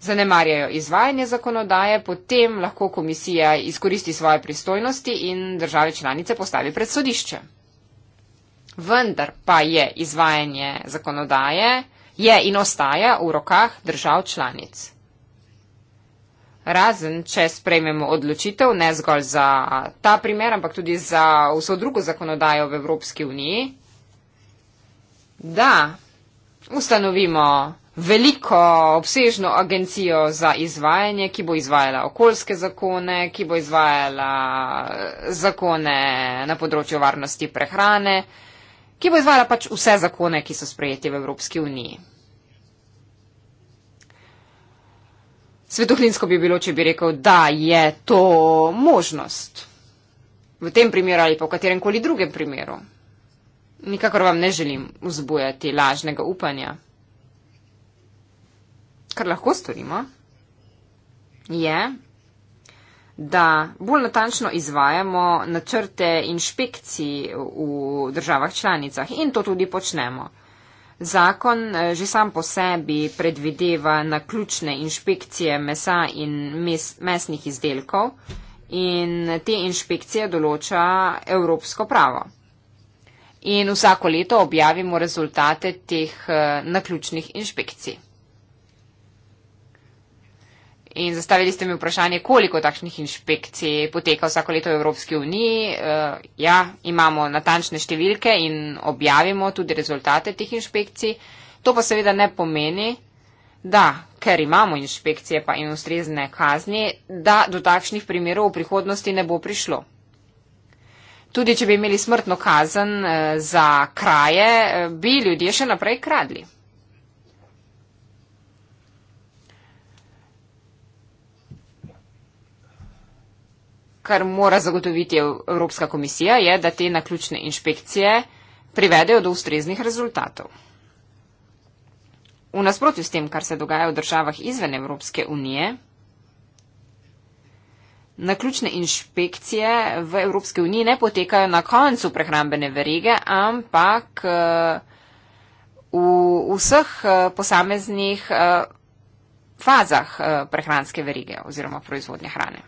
zanemarjajo izvajanje zakonodaje, potem lahko komisija izkoristi svoje pristojnosti in države članice postavi pred sodišče. Vendar pa je izvajanje zakonodaje, je in ostaja v rokah držav članic. Razen, če sprejmemo odločitev ne zgolj za ta primer, ampak tudi za vso drugo zakonodajo v Evropski uniji, da ustanovimo veliko obsežno agencijo za izvajanje, ki bo izvajala okoljske zakone, ki bo izvajala eh, zakone na področju varnosti prehrane, ki bo izvajala pač vse zakone, ki so sprejeti v Evropski uniji. Svetohlinsko bi bilo, če bi rekel, da je to možnost. V tem primeru ali pa v katerem koli drugem primeru. Nikakor vam ne želim vzbujati lažnega upanja kar lahko storimo, je, da bolj natančno izvajamo načrte inšpekcij v državah članicah in to tudi počnemo. Zakon eh, že sam po sebi predvideva na ključne inšpekcije mesa in mes, mesnih izdelkov in te inšpekcije določa evropsko pravo. In vsako leto objavimo rezultate teh eh, naključnih inšpekcij. In zastavili ste mi vprašanje, koliko takšnih inšpekcij poteka vsako leto v Evropski uniji. Uh, ja, imamo natančne številke in objavimo tudi rezultate teh inšpekcij. To pa seveda ne pomeni, da, ker imamo inšpekcije pa in ustrezne kazni, da do takšnih primerov v prihodnosti ne bo prišlo. Tudi če bi imeli smrtno kazen eh, za kraje, eh, bi ljudje še naprej kradli. kar mora zagotoviti Evropska komisija, je, da te naključne inšpekcije privedejo do ustreznih rezultatov. V nasprotju s tem, kar se dogaja v državah izven Evropske unije, naključne inšpekcije v Evropske unije ne potekajo na koncu prehrambene verige, ampak eh, v vseh eh, posameznih eh, fazah prehranske verige oziroma proizvodnje hrane.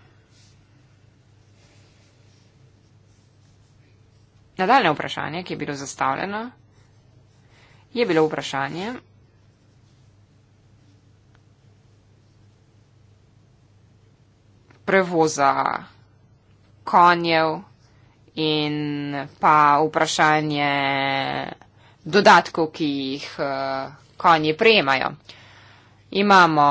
Nadaljne vprašanje, ki je bilo zastavljeno, je bilo vprašanje, prevoza konjev in pa vprašanje dodatkov, ki jih eh, konji prejemajo. Imamo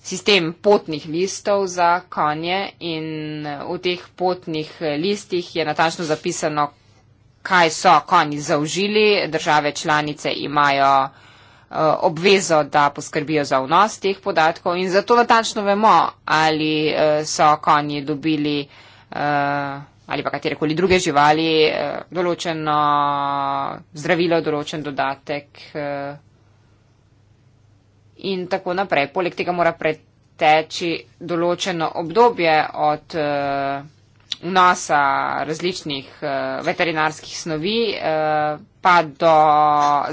sistem potnih listov za konje in v teh potnih listih je natančno zapisano, kaj so konji zaužili. Države članice imajo eh, obvezo, da poskrbijo za vnos teh podatkov in zato natančno vemo, ali eh, so konji dobili eh, ali pa katerekoli druge živali določeno zdravilo, določen dodatek in tako naprej. Poleg tega mora preteči določeno obdobje od vnosa različnih uh, veterinarskih snovi uh, pa do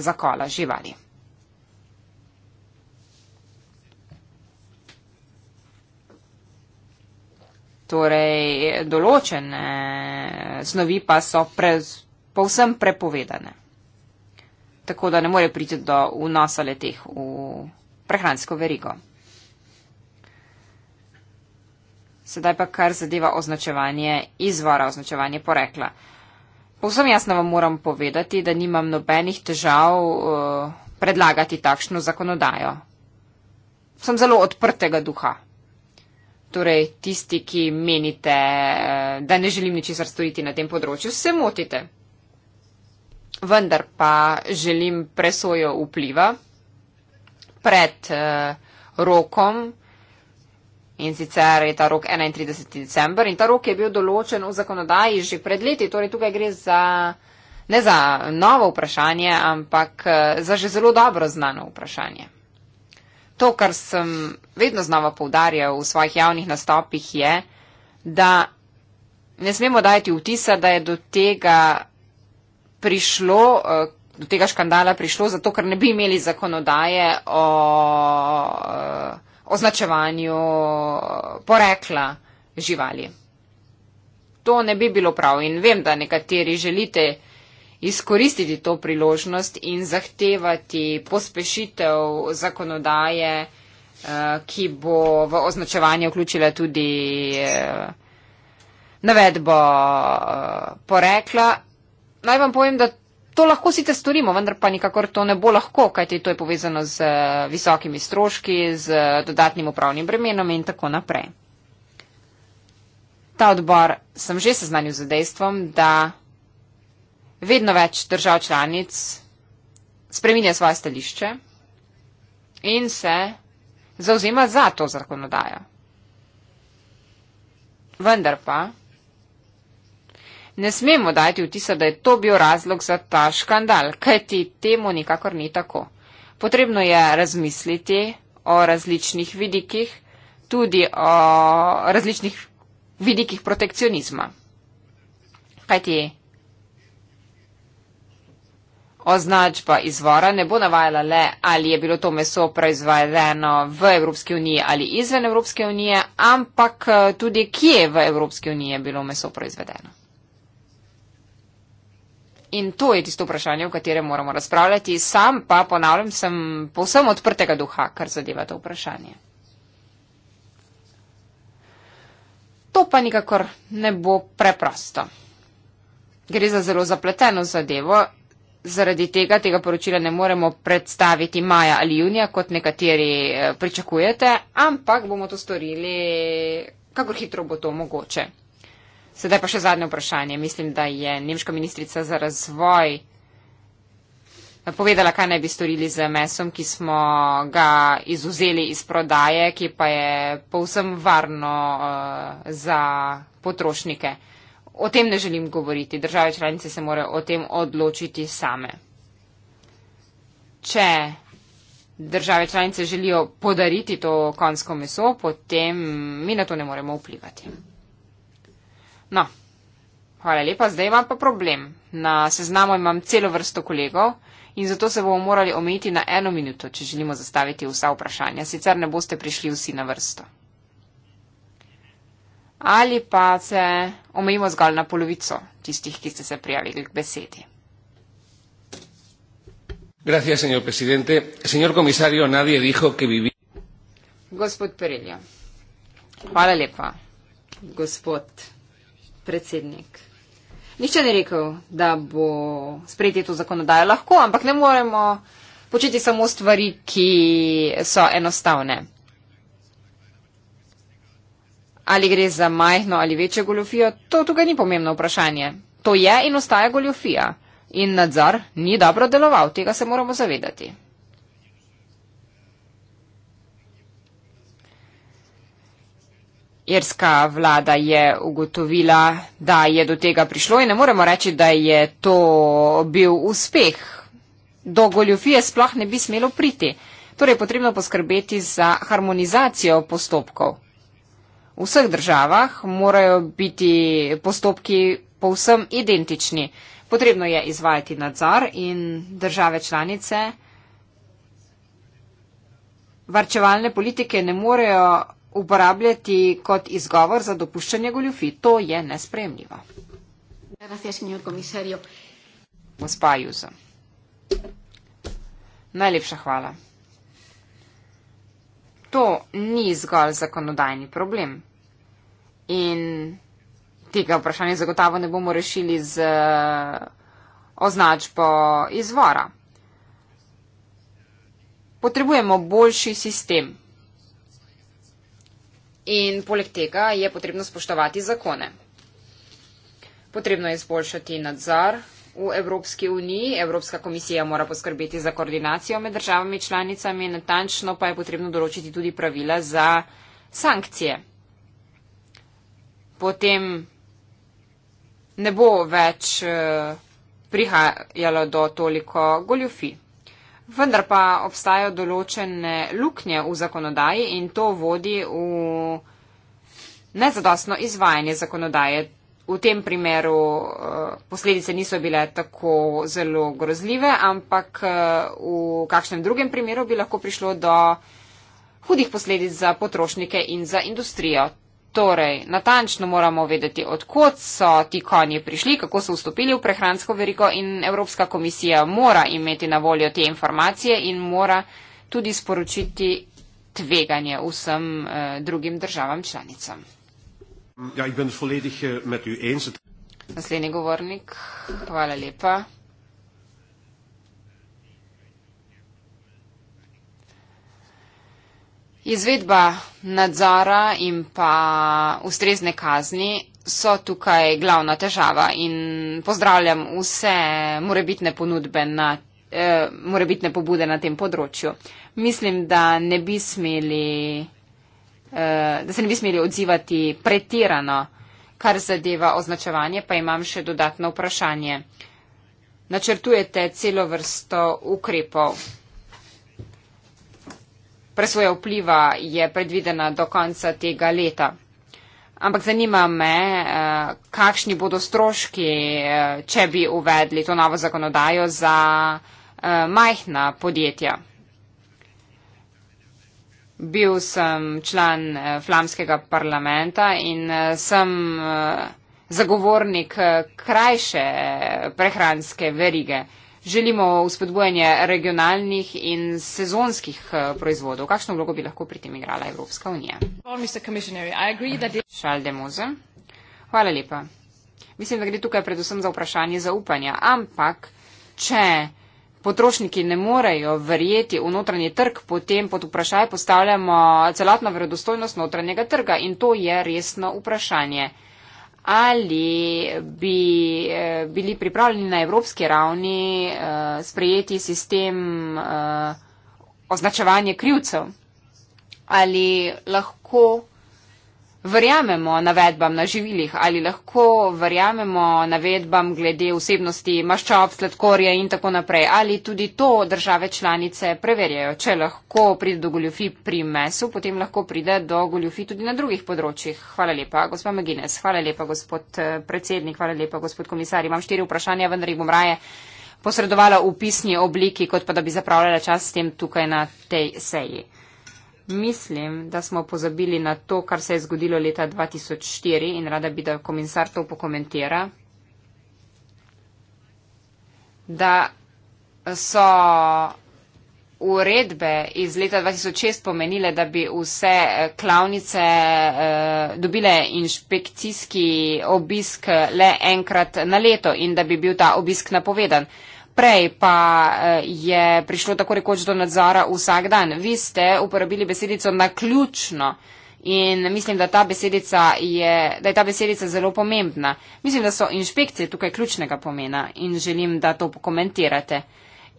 zakola živali. Torej, določene snovi pa so prez, povsem prepovedane, tako da ne more priti do vnosa leteh v prehransko verigo. Sedaj pa kar zadeva označevanje izvora, označevanje porekla. Povsem jasno vam moram povedati, da nimam nobenih težav uh, predlagati takšno zakonodajo. Sem zelo odprtega duha. Torej, tisti, ki menite, uh, da ne želim ničesar storiti na tem področju, se motite. Vendar pa želim presojo vpliva pred uh, rokom, In sicer je ta rok 31. december in ta rok je bil določen v zakonodaji že pred leti, torej tukaj gre za, ne za novo vprašanje, ampak eh, za že zelo dobro znano vprašanje. To, kar sem vedno znova povdarjal v svojih javnih nastopih, je, da ne smemo dajati vtisa, da je do tega prišlo, eh, do tega škandala prišlo, zato ker ne bi imeli zakonodaje o eh, označevanju porekla živali. To ne bi bilo prav in vem, da nekateri želite izkoristiti to priložnost in zahtevati pospešitev zakonodaje, eh, ki bo v označevanje vključila tudi eh, navedbo eh, porekla. Naj vam povem, da To lahko sicer storimo, vendar pa nikakor to ne bo lahko, kajti to je povezano z eh, visokimi stroški, z eh, dodatnim upravnim bremenom in tako naprej. Ta odbor sem že seznanil z dejstvom, da vedno več držav članic spreminja svoje stališče in se zauzema za to zakonodajo. Vendar pa ne smemo dati vtisa, da je to bil razlog za ta škandal, kajti temu nikakor ni tako. Potrebno je razmisliti o različnih vidikih, tudi o različnih vidikih protekcionizma. Kajti označba izvora ne bo navajala le, ali je bilo to meso proizvedeno v Evropski uniji ali izven Evropske unije, ampak eh, tudi kje v Evropski uniji je bilo meso proizvedeno. In to je tisto vprašanje, o katerem moramo razpravljati. Sam pa, ponavljam, sem povsem odprtega duha, kar zadeva to vprašanje. To pa nikakor ne bo preprosto. Gre za zelo zapleteno zadevo. Zaradi tega tega poročila ne moremo predstaviti maja ali junija, kot nekateri eh, pričakujete, ampak bomo to storili, kako hitro bo to mogoče. Sedaj pa še zadnje vprašanje. Mislim, da je nemška ministrica za razvoj povedala, kaj naj bi storili z mesom, ki smo ga izuzeli iz prodaje, ki pa je povsem varno uh, za potrošnike. O tem ne želim govoriti. Države članice se morajo o tem odločiti same. Če države članice želijo podariti to konsko meso, potem mi na to ne moremo vplivati. No, hvala lepa, zdaj imam pa problem. Na seznamu imam celo vrsto kolegov in zato se bomo morali omejiti na eno minuto, če želimo zastaviti vsa vprašanja, sicer ne boste prišli vsi na vrsto. Ali pa se omejimo zgolj na polovico tistih, ki ste se prijavili k besedi. Gracias, señor presidente. Señor comisario, nadie dijo que vivi. Gospod Perelio. Hvala lepa. Gospod predsednik. Nihče ni rekel, da bo sprejeti to zakonodajo lahko, ampak ne moremo početi samo stvari, ki so enostavne. Ali gre za majhno ali večjo goljofijo, to tukaj ni pomembno vprašanje. To je in ostaja goljofija. In nadzor ni dobro deloval, tega se moramo zavedati. Irska vlada je ugotovila, da je do tega prišlo in ne moremo reči, da je to bil uspeh. Do goljofije sploh ne bi smelo priti. Torej je potrebno poskrbeti za harmonizacijo postopkov. V vseh državah morajo biti postopki povsem identični. Potrebno je izvajati nadzor in države članice varčevalne politike ne morejo uporabljati kot izgovor za dopuščanje goljufi. To je nespremljivo. Gospa Juzo. Najlepša hvala. To ni zgolj zakonodajni problem. In tega vprašanja zagotavo ne bomo rešili z eh, označbo izvora. Potrebujemo boljši sistem, in poleg tega je potrebno spoštovati zakone. Potrebno je izboljšati nadzor v Evropski uniji. Evropska komisija mora poskrbeti za koordinacijo med državami članicami, natančno pa je potrebno določiti tudi pravila za sankcije. Potem ne bo več eh, prihajalo do toliko goljufi. Vendar pa obstajajo določene luknje v zakonodaji in to vodi v nezadostno izvajanje zakonodaje. V tem primeru eh, posledice niso bile tako zelo grozljive, ampak eh, v kakšnem drugem primeru bi lahko prišlo do hudih posledic za potrošnike in za industrijo. Torej, natančno moramo vedeti, odkot so ti konji prišli, kako so vstopili v prehransko veriko in Evropska komisija mora imeti na voljo te informacije in mora tudi sporočiti tveganje vsem eh, drugim državam članicam. Ja, eh, Naslednji govornik, hvala lepa. Izvedba nadzora in pa ustrezne kazni so tukaj glavna težava in pozdravljam vse morebitne ponudbe na, eh, morebitne pobude na tem področju. Mislim, da ne bi smeli, eh, da se ne bi smeli odzivati pretirano, kar zadeva označevanje, pa imam še dodatno vprašanje. Načrtujete celo vrsto ukrepov? presoja vpliva je predvidena do konca tega leta. Ampak zanima me, eh, kakšni bodo stroški, eh, če bi uvedli to novo zakonodajo za eh, majhna podjetja. Bil sem član flamskega parlamenta in sem zagovornik krajše prehranske verige želimo uspodbujanje regionalnih in sezonskih eh, proizvodov. Kakšno vlogo bi lahko pri tem igrala Evropska unija? Hvala lepa. Mislim, da gre tukaj predvsem za vprašanje zaupanja. Ampak, če potrošniki ne morejo verjeti v notranji trg, potem pod vprašaj postavljamo celotno vredostojnost notranjega trga in to je resno vprašanje ali bi eh, bili pripravljeni na evropski ravni eh, sprejeti sistem eh, označevanja krivcev, ali lahko verjamemo navedbam na živilih ali lahko verjamemo navedbam glede vsebnosti maščob, sladkorja in tako naprej. Ali tudi to države članice preverjajo. Če lahko pride do goljufi pri mesu, potem lahko pride do goljufi tudi na drugih področjih. Hvala lepa, gospod Magines. Hvala lepa, gospod eh, predsednik. Hvala lepa, gospod komisar. Imam štiri vprašanja, vendar jih bom raje posredovala v pisni obliki, kot pa da bi zapravljala čas s tem tukaj na tej seji. Mislim, da smo pozabili na to, kar se je zgodilo leta 2004 in rada bi, da komisar to pokomentira, da so uredbe iz leta 2006 pomenile, da bi vse eh, klavnice eh, dobile inšpekcijski obisk le enkrat na leto in da bi bil ta obisk napovedan. Eh, prej pa eh, je prišlo tako rekoč do nadzora vsak dan. Vi ste uporabili besedico na ključno. In mislim, da, ta besedica je, da je ta besedica zelo pomembna. Mislim, da so inšpekcije tukaj ključnega pomena in želim, da to pokomentirate.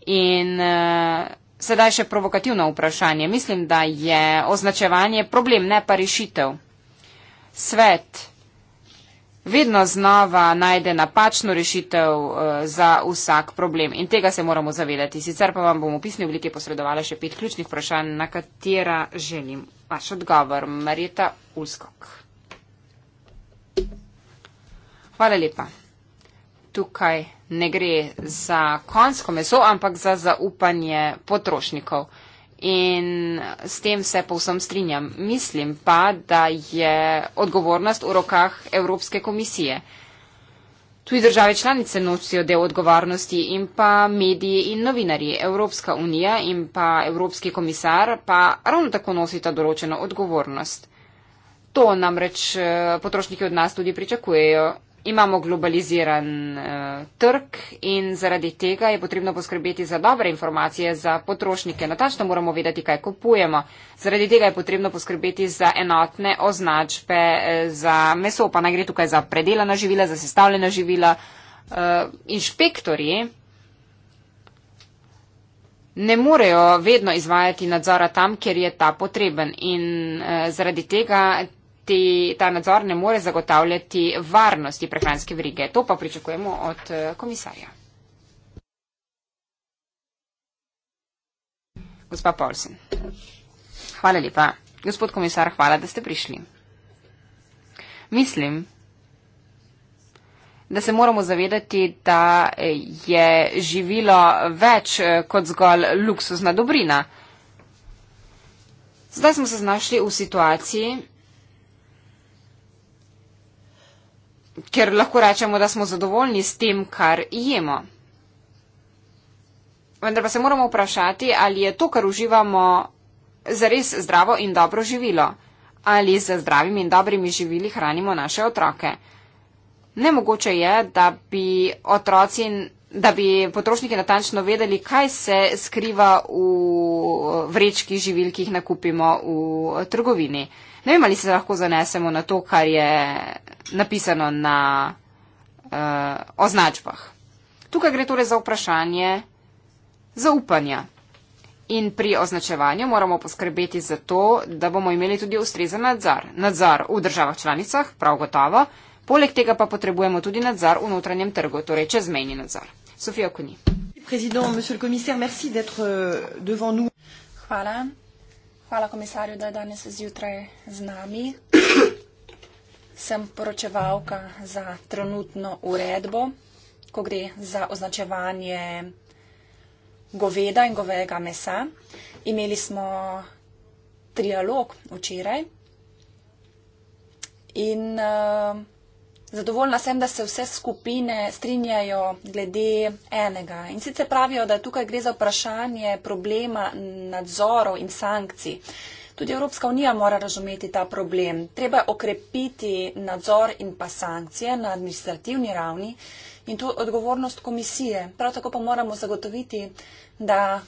In uh, sedaj še provokativno vprašanje. Mislim, da je označevanje problem, ne pa rešitev. Svet vedno znova najde napačno rešitev eh, za vsak problem. In tega se moramo zavedati. Sicer pa vam bom v pisni obliki posredovala še pet ključnih vprašanj, na katera želim vaš odgovor. Marjeta Ulskok. Hvala lepa. Tukaj ne gre za konsko meso, ampak za zaupanje potrošnikov. In s tem se povsem strinjam. Mislim pa, da je odgovornost v rokah Evropske komisije. Tudi države članice nosijo del odgovornosti in pa mediji in novinari. Evropska unija in pa Evropski komisar pa ravno tako nosita določeno odgovornost. To namreč eh, potrošniki od nas tudi pričakujejo imamo globaliziran uh, trg in zaradi tega je potrebno poskrbeti za dobre informacije za potrošnike. Natačno moramo vedeti, kaj kupujemo. Zaradi tega je potrebno poskrbeti za enotne označbe uh, za meso, pa naj gre tukaj za predelana živila, za sestavljena živila. Uh, eh, inšpektori ne morejo vedno izvajati nadzora tam, kjer je ta potreben in uh, zaradi tega te, ta nadzor ne more zagotavljati varnosti prehranske verige. To pa pričakujemo od eh, komisarja. Gospa Paulsen. Hvala lepa. Gospod komisar, hvala, da ste prišli. Mislim, da se moramo zavedati, da eh, je živilo več eh, kot zgolj luksuzna dobrina. Zdaj smo se znašli v situaciji, ker lahko rečemo, da smo zadovoljni s tem, kar jemo. Vendar pa se moramo vprašati, ali je to, kar uživamo, zares zdravo in dobro živilo. Ali z zdravimi in dobrimi živili hranimo naše otroke. Nemogoče je, da bi otroci, da bi potrošniki natančno vedeli, kaj se skriva v vrečki živil, ki jih nakupimo v trgovini. Ne vem, ali se lahko zanesemo na to, kar je napisano na uh, označbah. Tukaj gre torej za vprašanje zaupanja. In pri označevanju moramo poskrbeti za to, da bomo imeli tudi ustrezen nadzor. Nadzor v državah članicah, prav gotovo. Poleg tega pa potrebujemo tudi nadzor v notranjem trgu, torej čezmejni nadzor. Sofija Kuni. Euh, Hvala. Hvala, komisarju, da je danes zjutraj z nami. Sem poročevalka za trenutno uredbo, ko gre za označevanje goveda in govega mesa. Imeli smo trialog včeraj in uh, Zadovoljna sem, da se vse skupine strinjajo glede enega. In sicer pravijo, da tukaj gre za vprašanje problema nadzorov in sankcij. Tudi Evropska unija mora razumeti ta problem. Treba je okrepiti nadzor in pa sankcije na administrativni ravni in to odgovornost komisije. Prav tako pa moramo zagotoviti, da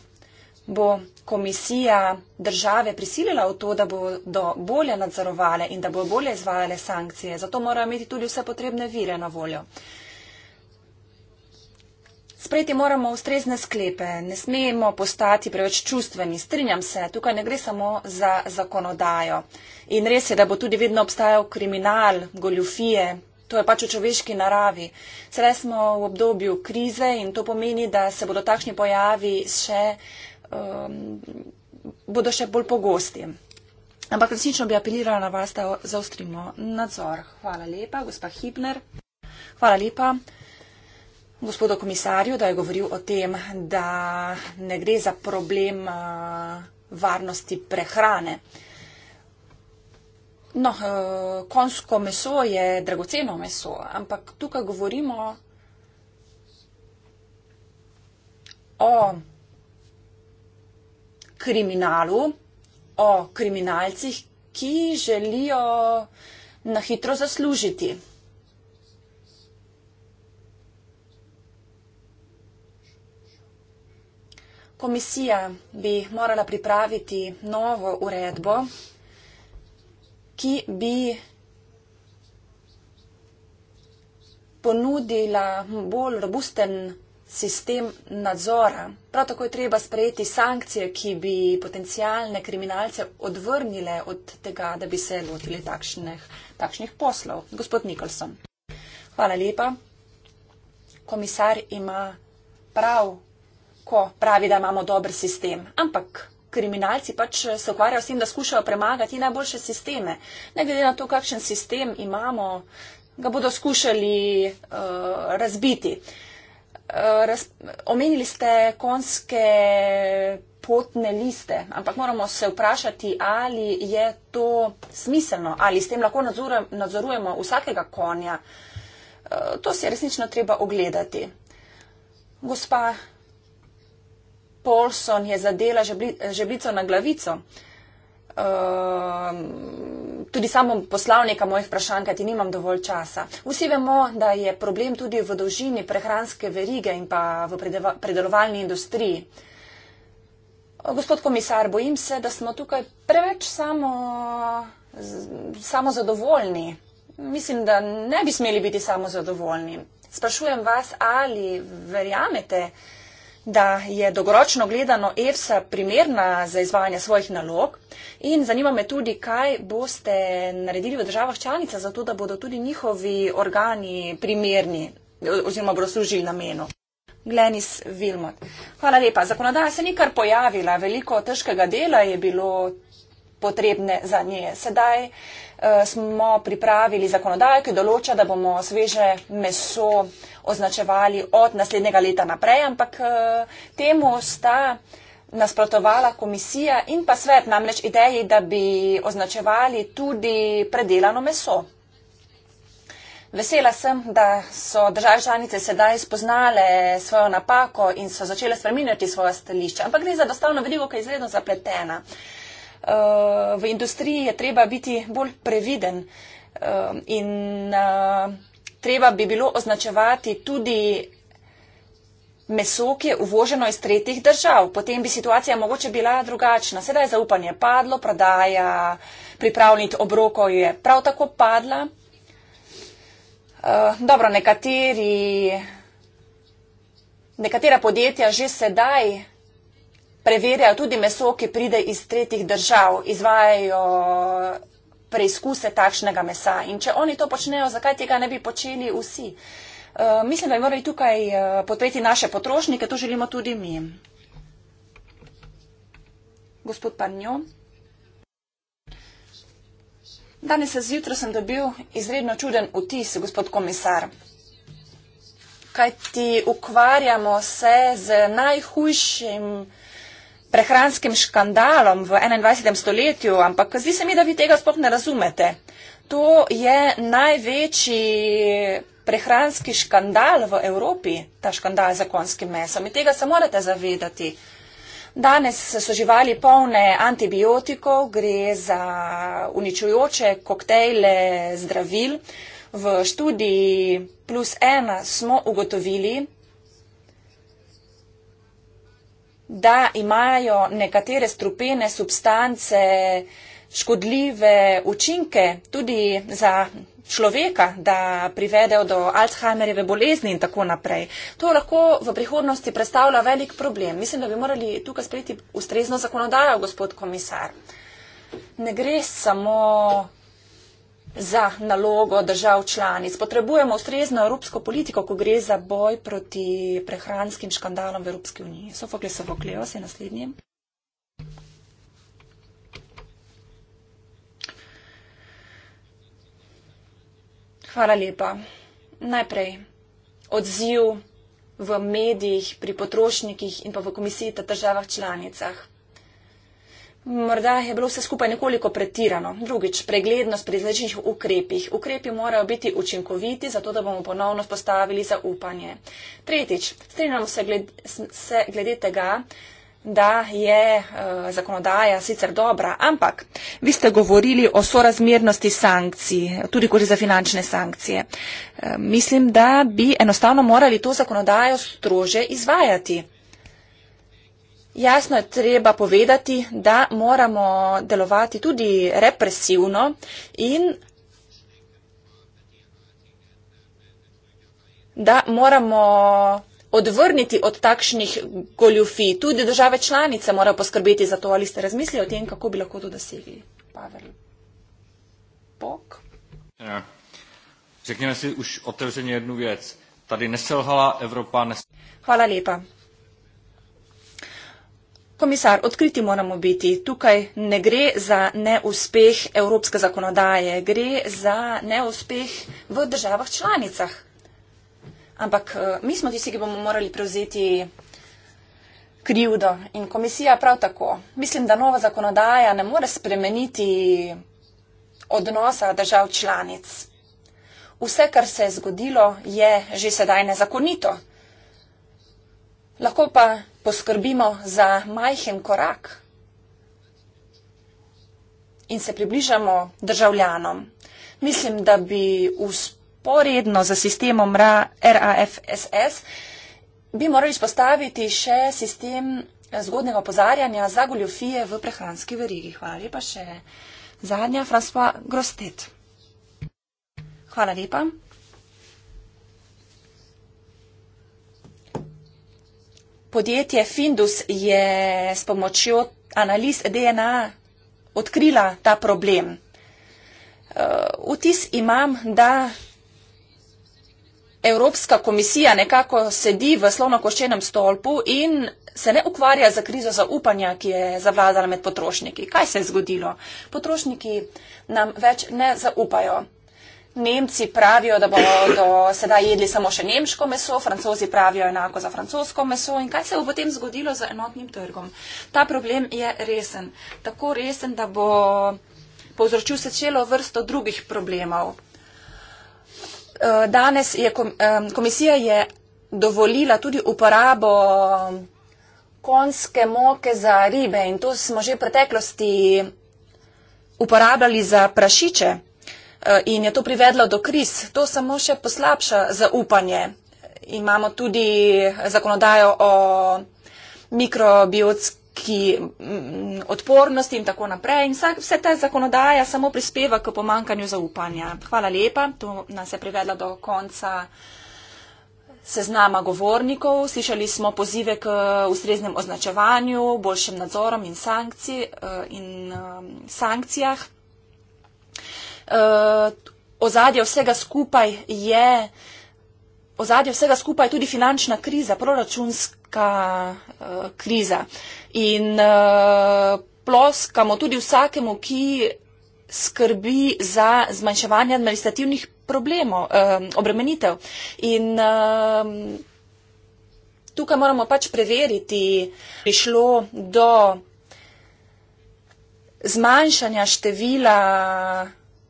bo komisija države prisilila v to, da bodo bolje nadzorovale in da bodo bolje izvajale sankcije. Zato morajo imeti tudi vse potrebne vire na voljo. Sprejeti moramo ustrezne sklepe, ne smemo postati preveč čustveni. Strinjam se, tukaj ne gre samo za zakonodajo. In res je, da bo tudi vedno obstajal kriminal, goljufije, to je pač v človeški naravi. Sedaj smo v obdobju krize in to pomeni, da se bodo takšni pojavi še um, bodo še bolj pogosti. Ampak resnično bi apelirala na vas, da zaostrimo nadzor. Hvala lepa, gospa Hibner. Hvala lepa gospodu komisarju, da je govoril o tem, da ne gre za problem uh, varnosti prehrane. No, uh, konsko meso je dragoceno meso, ampak tukaj govorimo o kriminalu, o kriminalcih, ki želijo na hitro zaslužiti. Komisija bi morala pripraviti novo uredbo, ki bi ponudila bolj robusten sistem nadzora. Prav tako je treba sprejeti sankcije, ki bi potencijalne kriminalce odvrnile od tega, da bi se lotili takšnih, takšnih poslov. Gospod Nikolson. Hvala lepa. Komisar ima prav, ko pravi, da imamo dober sistem. Ampak kriminalci pač se ukvarjajo s tem, da skušajo premagati najboljše sisteme. Ne glede na to, kakšen sistem imamo, ga bodo skušali uh, razbiti. Eh, raz, omenili ste konske potne liste, ampak moramo se vprašati, ali je to smiselno, ali s tem lahko nadzorujemo, nadzorujemo vsakega konja. Eh, to si je resnično treba ogledati. Gospa Polson je zadela žebli, žeblico na glavico. Ehm, tudi samo poslovnika mojih vprašanj, kajti nimam dovolj časa. Vsi vemo, da je problem tudi v dolžini prehranske verige in pa v predelovalni industriji. Gospod komisar, bojim se, da smo tukaj preveč samo, samo zadovoljni. Mislim, da ne bi smeli biti samo zadovoljni. Sprašujem vas, ali verjamete, da da je dolgoročno gledano EFSA primerna za izvajanje svojih nalog in zanima me tudi, kaj boste naredili v državah članica za to, da bodo tudi njihovi organi primerni oziroma bodo služili namenu. Glenis Vilmot. Hvala lepa. Zakonodaja se ni kar pojavila, veliko težkega dela je bilo potrebne za nje. Sedaj Eh, smo pripravili zakonodajo, ki določa, da bomo sveže meso označevali od naslednjega leta naprej, ampak eh, temu sta nasprotovala komisija in pa svet namreč ideji, da bi označevali tudi predelano meso. Vesela sem, da so države članice sedaj spoznale svojo napako in so začele spreminjati svoje stališče, ampak gre za dostavno veliko, ki je izredno zapletena. Uh, v industriji je treba biti bolj previden eh, in eh, treba bi bilo označevati tudi meso, ki je uvoženo iz tretjih držav. Potem bi situacija mogoče bila drugačna. Sedaj je zaupanje padlo, prodaja pripravljenih obrokov je prav tako padla. Eh, dobro, nekateri, nekatera podjetja že sedaj preverjajo tudi meso, ki pride iz tretjih držav, izvajajo preizkuse takšnega mesa. In če oni to počnejo, zakaj tega ne bi počeli vsi? Eh, mislim, da bi morali tukaj eh, potreti naše potrošnike, to želimo tudi mi. Gospod Parnjo. Danes se zjutraj sem dobil izredno čuden vtis, gospod komisar. Kaj ti ukvarjamo se z najhujšim prehranskim škandalom v 21. stoletju, ampak zdi se mi, da vi tega sploh ne razumete. To je največji prehranski škandal v Evropi, ta škandal za konskim mesom. In tega se morate zavedati. Danes so živali polne antibiotikov, gre za uničujoče koktejle zdravil. V študiji plus ena smo ugotovili, da imajo nekatere strupene substance škodljive učinke tudi za človeka, da privedejo do Alzheimerjeve bolezni in tako naprej. To lahko v prihodnosti predstavlja velik problem. Mislim, da bi morali tukaj sprejeti ustrezno zakonodajo, gospod komisar. Ne gre samo za nalogo držav članic. Potrebujemo ustrezno evropsko politiko, ko gre za boj proti prehranskim škandalom v Evropski uniji. Sofokle se vokleva, se naslednji. Hvala lepa. Najprej odziv v medijih, pri potrošnikih in pa v komisiji ter državah članicah. Morda je bilo vse skupaj nekoliko pretirano. Drugič, preglednost pri različnih ukrepih. Ukrepi morajo biti učinkoviti, zato da bomo ponovno postavili zaupanje. Tretjič, strinjamo se glede, se glede tega, da je uh, zakonodaja sicer dobra, ampak vi ste govorili o sorazmernosti sankcij, tudi kot za finančne sankcije. Uh, mislim, da bi enostavno morali to zakonodajo strože izvajati. Jasno je treba povedati, da moramo delovati tudi represivno in da moramo odvrniti od takšnih goljufij. Tudi države članice morajo poskrbeti za to, ali ste razmislili o tem, kako bi lahko to dosegli. Pavel Bok. Ja. Řekněme si už otevřeně jednu věc. Tady neselhala Evropa. Nes... Hvala lepa. Komisar, odkriti moramo biti, tukaj ne gre za neuspeh evropske zakonodaje, gre za neuspeh v državah članicah. Ampak eh, mi smo tisti, ki bomo morali prevzeti krivdo in komisija prav tako. Mislim, da nova zakonodaja ne more spremeniti odnosa držav članic. Vse, kar se je zgodilo, je že sedaj nezakonito. Lahko pa poskrbimo za majhen korak in se približamo državljanom. Mislim, da bi usporedno za sistemom RAFSS bi morali spostaviti še sistem zgodnega opozarjanja za goljofije v prehranski verigi. Hvala lepa še zadnja, François Grostet. Hvala lepa. podjetje Findus je s pomočjo analiz DNA odkrila ta problem. Uh, vtis imam, da Evropska komisija nekako sedi v slovno-koščenem stolpu in se ne ukvarja za krizo zaupanja, ki je zavladala med potrošniki. Kaj se je zgodilo? Potrošniki nam več ne zaupajo. Nemci pravijo, da bodo do sedaj jedli samo še nemško meso, francozi pravijo enako za francosko meso in kaj se bo potem zgodilo z enotnim trgom. Ta problem je resen. Tako resen, da bo povzročil se celo vrsto drugih problemov. Eh, danes je eh, komisija je dovolila tudi uporabo konske moke za ribe in to smo že v preteklosti uporabljali za prašiče. Eh, in je to privedlo do kriz. To samo še poslabša zaupanje. Imamo tudi zakonodajo o mikrobiotski mm, odpornosti in tako naprej. In vse ta zakonodaja samo prispeva k pomankanju zaupanja. Hvala lepa. To nas je privedlo do konca seznama govornikov. Slišali smo pozive k ustreznem označevanju, boljšem nadzorom in, sankci, eh, in eh, sankcijah uh, ozadje vsega skupaj je. Ozadje vsega skupaj je tudi finančna kriza, proračunska uh, kriza. In uh, ploskamo tudi vsakemu, ki skrbi za zmanjševanje administrativnih problemov, um, obremenitev. In um, tukaj moramo pač preveriti, da je šlo do zmanjšanja števila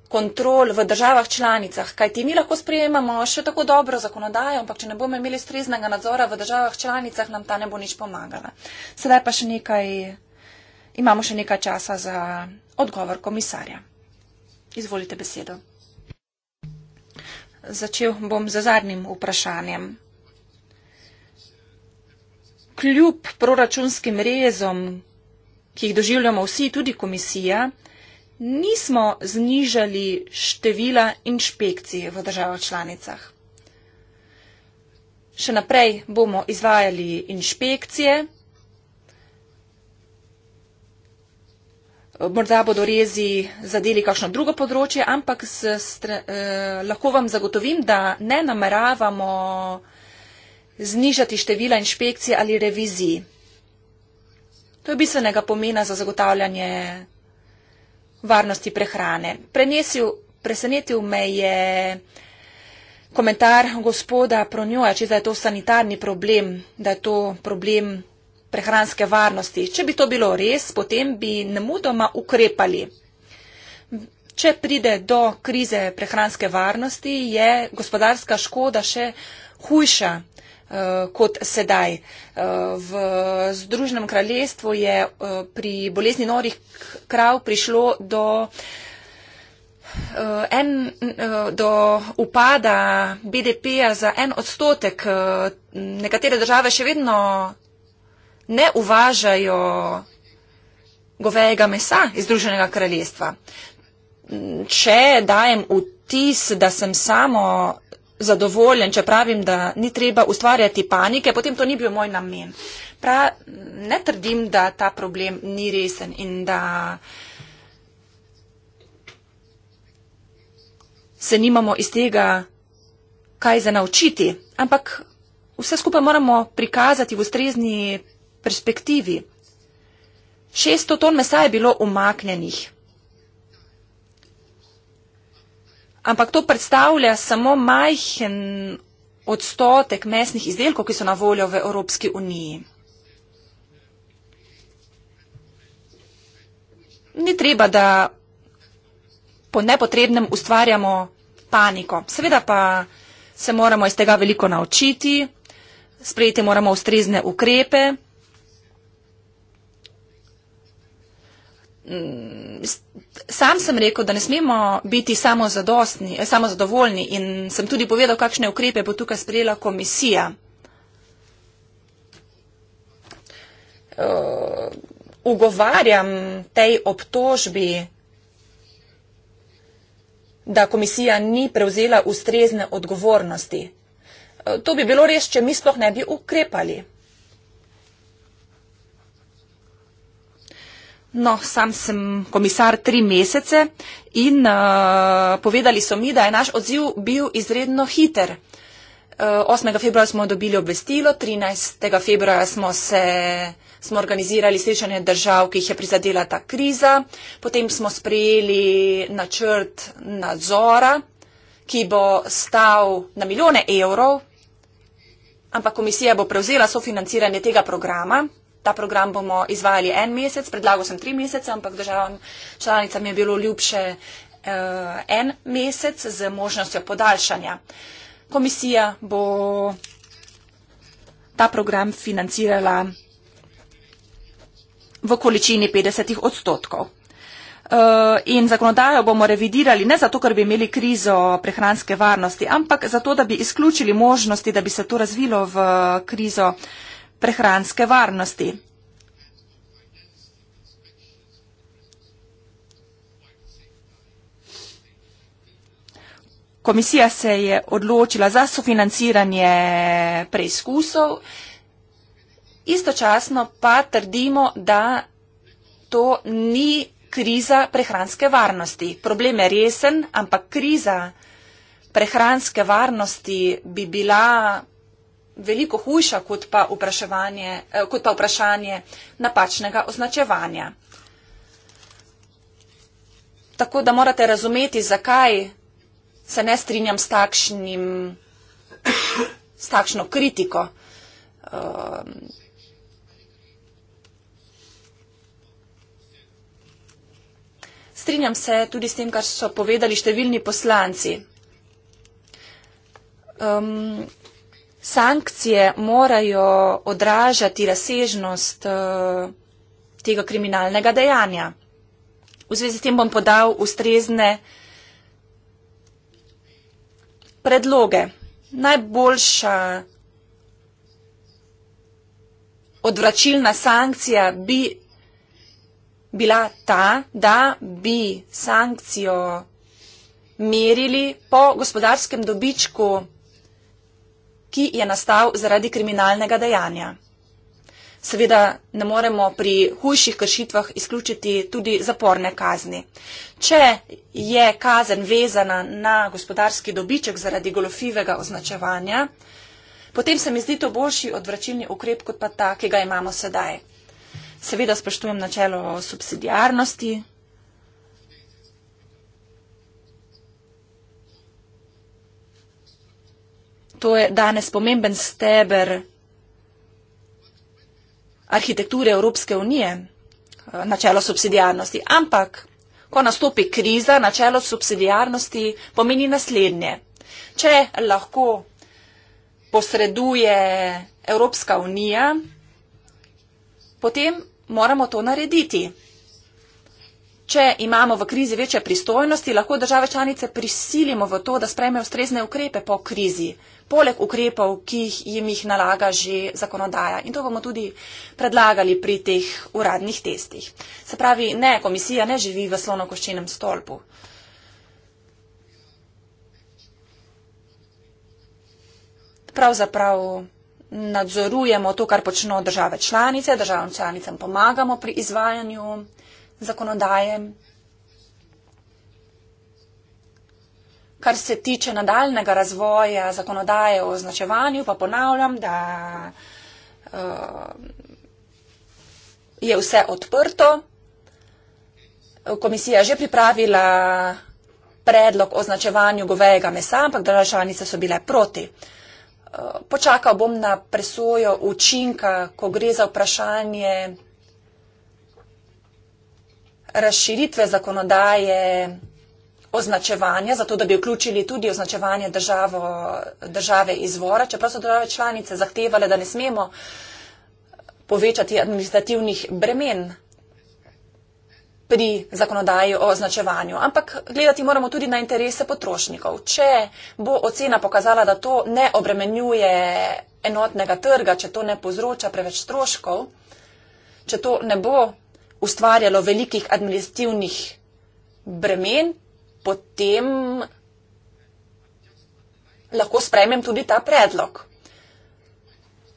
kontrol v državah članicah, kajti mi lahko sprejemamo še tako dobro zakonodajo, ampak če ne bomo imeli streznega nadzora v državah članicah, nam ta ne bo nič pomagala. Sedaj pa še nekaj, imamo še nekaj časa za odgovor komisarja. Izvolite besedo. Začel bom z zadnjim vprašanjem. Kljub proračunskim rezom, ki jih doživljamo vsi, tudi komisija, nismo znižali števila inšpekcij v državah članicah. Še naprej bomo izvajali inšpekcije, morda bodo rezi zadeli kakšno drugo področje, ampak stre, eh, lahko vam zagotovim, da ne nameravamo znižati števila inšpekcij ali revizij. To je bistvenega pomena za zagotavljanje varnosti prehrane. Prenesil, presenetil me je komentar gospoda Pronjoja, če je to sanitarni problem, da je to problem prehranske varnosti. Če bi to bilo res, potem bi nemudoma ukrepali. Če pride do krize prehranske varnosti, je gospodarska škoda še hujša, Eh, kot sedaj. Eh, v Združenem kraljestvu je eh, pri bolezni norih krav prišlo do, en, do upada BDP-ja za en odstotek. Nekatere države še vedno ne uvažajo govejega mesa iz Združenega kraljestva. Če dajem vtis, da sem samo zadovoljen, če pravim, da ni treba ustvarjati panike, potem to ni bil moj namen. Pra, ne trdim, da ta problem ni resen in da se nimamo iz tega kaj za naučiti, ampak vse skupaj moramo prikazati v ustrezni perspektivi. 600 ton mesa je bilo umaknjenih. ampak to predstavlja samo majhen odstotek mesnih izdelkov, ki so na voljo v Evropski uniji. Ni treba, da po nepotrebnem ustvarjamo paniko. Seveda pa se moramo iz tega veliko naučiti, sprejeti moramo ustrezne ukrepe. S Sam sem rekel, da ne smemo biti eh, samozadovoljni in sem tudi povedal, kakšne ukrepe bo tukaj sprejela komisija. Eh, ugovarjam tej obtožbi, da komisija ni prevzela ustrezne odgovornosti. Eh, to bi bilo res, če mi sploh ne bi ukrepali. No, sam sem komisar tri mesece in uh, povedali so mi, da je naš odziv bil izredno hiter. Uh, 8. februarja smo dobili obvestilo, 13. februarja smo, smo organizirali srečanje držav, ki jih je prizadela ta kriza, potem smo sprejeli načrt nadzora, ki bo stal na milijone evrov, ampak komisija bo prevzela sofinanciranje tega programa ta program bomo izvajali en mesec, predlagal sem tri mesece, ampak državam članicam je bilo ljubše uh, en mesec z možnostjo podaljšanja. Komisija bo ta program financirala v količini 50 odstotkov. Eh, in zakonodajo bomo revidirali ne zato, ker bi imeli krizo prehranske varnosti, ampak zato, da bi izključili možnosti, da bi se to razvilo v krizo uh, prehranske varnosti. Komisija se je odločila za sofinanciranje preizkusov, istočasno pa trdimo, da to ni kriza prehranske varnosti. Problem je resen, ampak kriza prehranske varnosti bi bila veliko hujša kot pa vprašanje, eh, kot pa vprašanje napačnega označevanja. Tako da morate razumeti, zakaj se ne strinjam s, takšnim, s takšno kritiko. Ehm, strinjam se tudi s tem, kar so povedali številni poslanci. Ehm, sankcije morajo odražati razsežnost eh, tega kriminalnega dejanja. V zvezi s tem bom podal ustrezne predloge. Najboljša odvračilna sankcija bi bila ta, da bi sankcijo merili po gospodarskem dobičku ki je nastal zaradi kriminalnega dejanja. Seveda ne moremo pri hujših kršitvah izključiti tudi zaporne kazni. Če je kazen vezana na gospodarski dobiček zaradi golofivega označevanja, potem se mi zdi to boljši odvračilni ukrep kot pa ta, ki ga imamo sedaj. Seveda spoštujem načelo subsidijarnosti, to je danes pomemben steber arhitekture Evropske unije, načelo subsidijarnosti. Ampak, ko nastopi kriza, načelo subsidijarnosti pomeni naslednje. Če lahko posreduje Evropska unija, potem moramo to narediti. Če imamo v krizi večje pristojnosti, lahko države članice prisilimo v to, da sprejme ustrezne ukrepe po krizi, poleg ukrepov, ki jim jih nalaga že zakonodaja. In to bomo tudi predlagali pri teh uradnih testih. Se pravi, ne, komisija ne živi v slonokoščenem stolpu. Pravzaprav nadzorujemo to, kar počnejo države članice, državam članicam pomagamo pri izvajanju zakonodaje. Kar se tiče nadaljnega razvoja zakonodaje o označevanju, pa ponavljam, da uh, je vse odprto. Komisija je že pripravila predlog o označevanju govejega mesa, ampak državljanice so bile proti. Eh, počakal bom na presojo učinka, ko gre za vprašanje razširitve zakonodaje označevanja, zato da bi vključili tudi označevanje državo, države izvora, čeprav so države članice zahtevale, da ne smemo povečati administrativnih bremen pri zakonodaji o označevanju. Ampak gledati moramo tudi na interese potrošnikov. Če bo ocena pokazala, da to ne obremenjuje enotnega trga, če to ne povzroča preveč stroškov, če to ne bo ustvarjalo velikih administrativnih bremen, potem lahko sprejmem tudi ta predlog.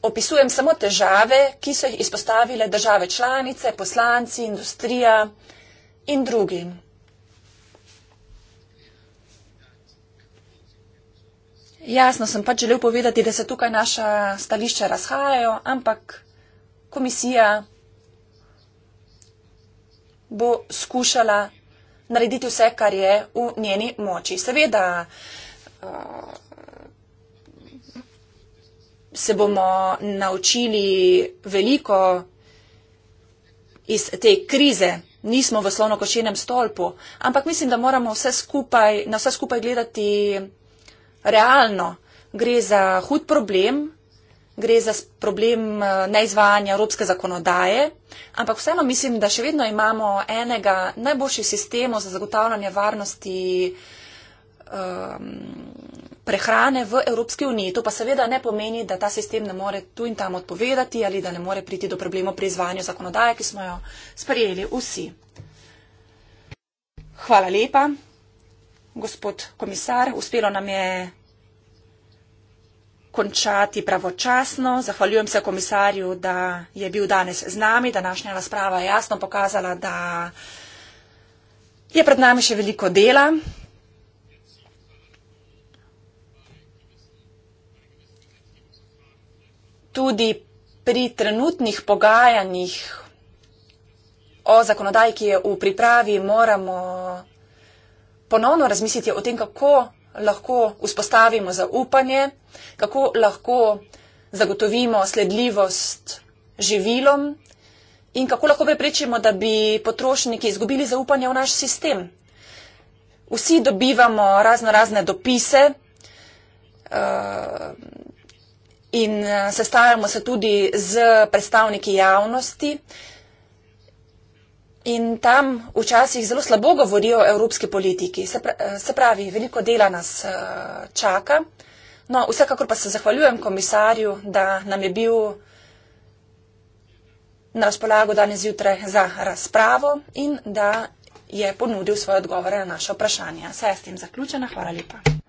Opisujem samo težave, ki so jih izpostavile države članice, poslanci, industrija in drugi. Jasno sem pač želel povedati, da se tukaj naša stališča razhajajo, ampak komisija bo skušala narediti vse, kar je v njeni moči. Seveda eh, se bomo naučili veliko iz te krize. Nismo v slonokošenem stolpu, ampak mislim, da moramo vse skupaj, na vse skupaj gledati realno. Gre za hud problem, gre za problem eh, neizvajanja evropske zakonodaje, ampak vseeno mislim, da še vedno imamo enega najboljših sistemov za zagotavljanje varnosti um, prehrane v Evropski uniji. To pa seveda ne pomeni, da ta sistem ne more tu in tam odpovedati ali da ne more priti do problemov pri izvajanju zakonodaje, ki smo jo sprejeli vsi. Hvala lepa, gospod komisar. Uspelo nam je končati pravočasno. Zahvaljujem se komisarju, da je bil danes z nami. Današnja razprava je jasno pokazala, da je pred nami še veliko dela. Tudi pri trenutnih pogajanjih o zakonodaji, ki je v pripravi, moramo ponovno razmisliti o tem, kako lahko vzpostavimo zaupanje, kako lahko zagotovimo sledljivost živilom in kako lahko preprečimo, da bi potrošniki izgubili zaupanje v naš sistem. Vsi dobivamo razno razne dopise uh, in eh, sestavljamo se tudi z predstavniki javnosti, uh, in tam včasih zelo slabo govorijo o evropski politiki. Se, pra, eh, se pravi, veliko dela nas uh, čaka. No, vsekakor pa se zahvaljujem komisarju, da nam je bil na razpolago danes zjutraj za razpravo in da je ponudil svoje odgovore na naše vprašanje. Saj je s tem zaključena. Hvala lepa.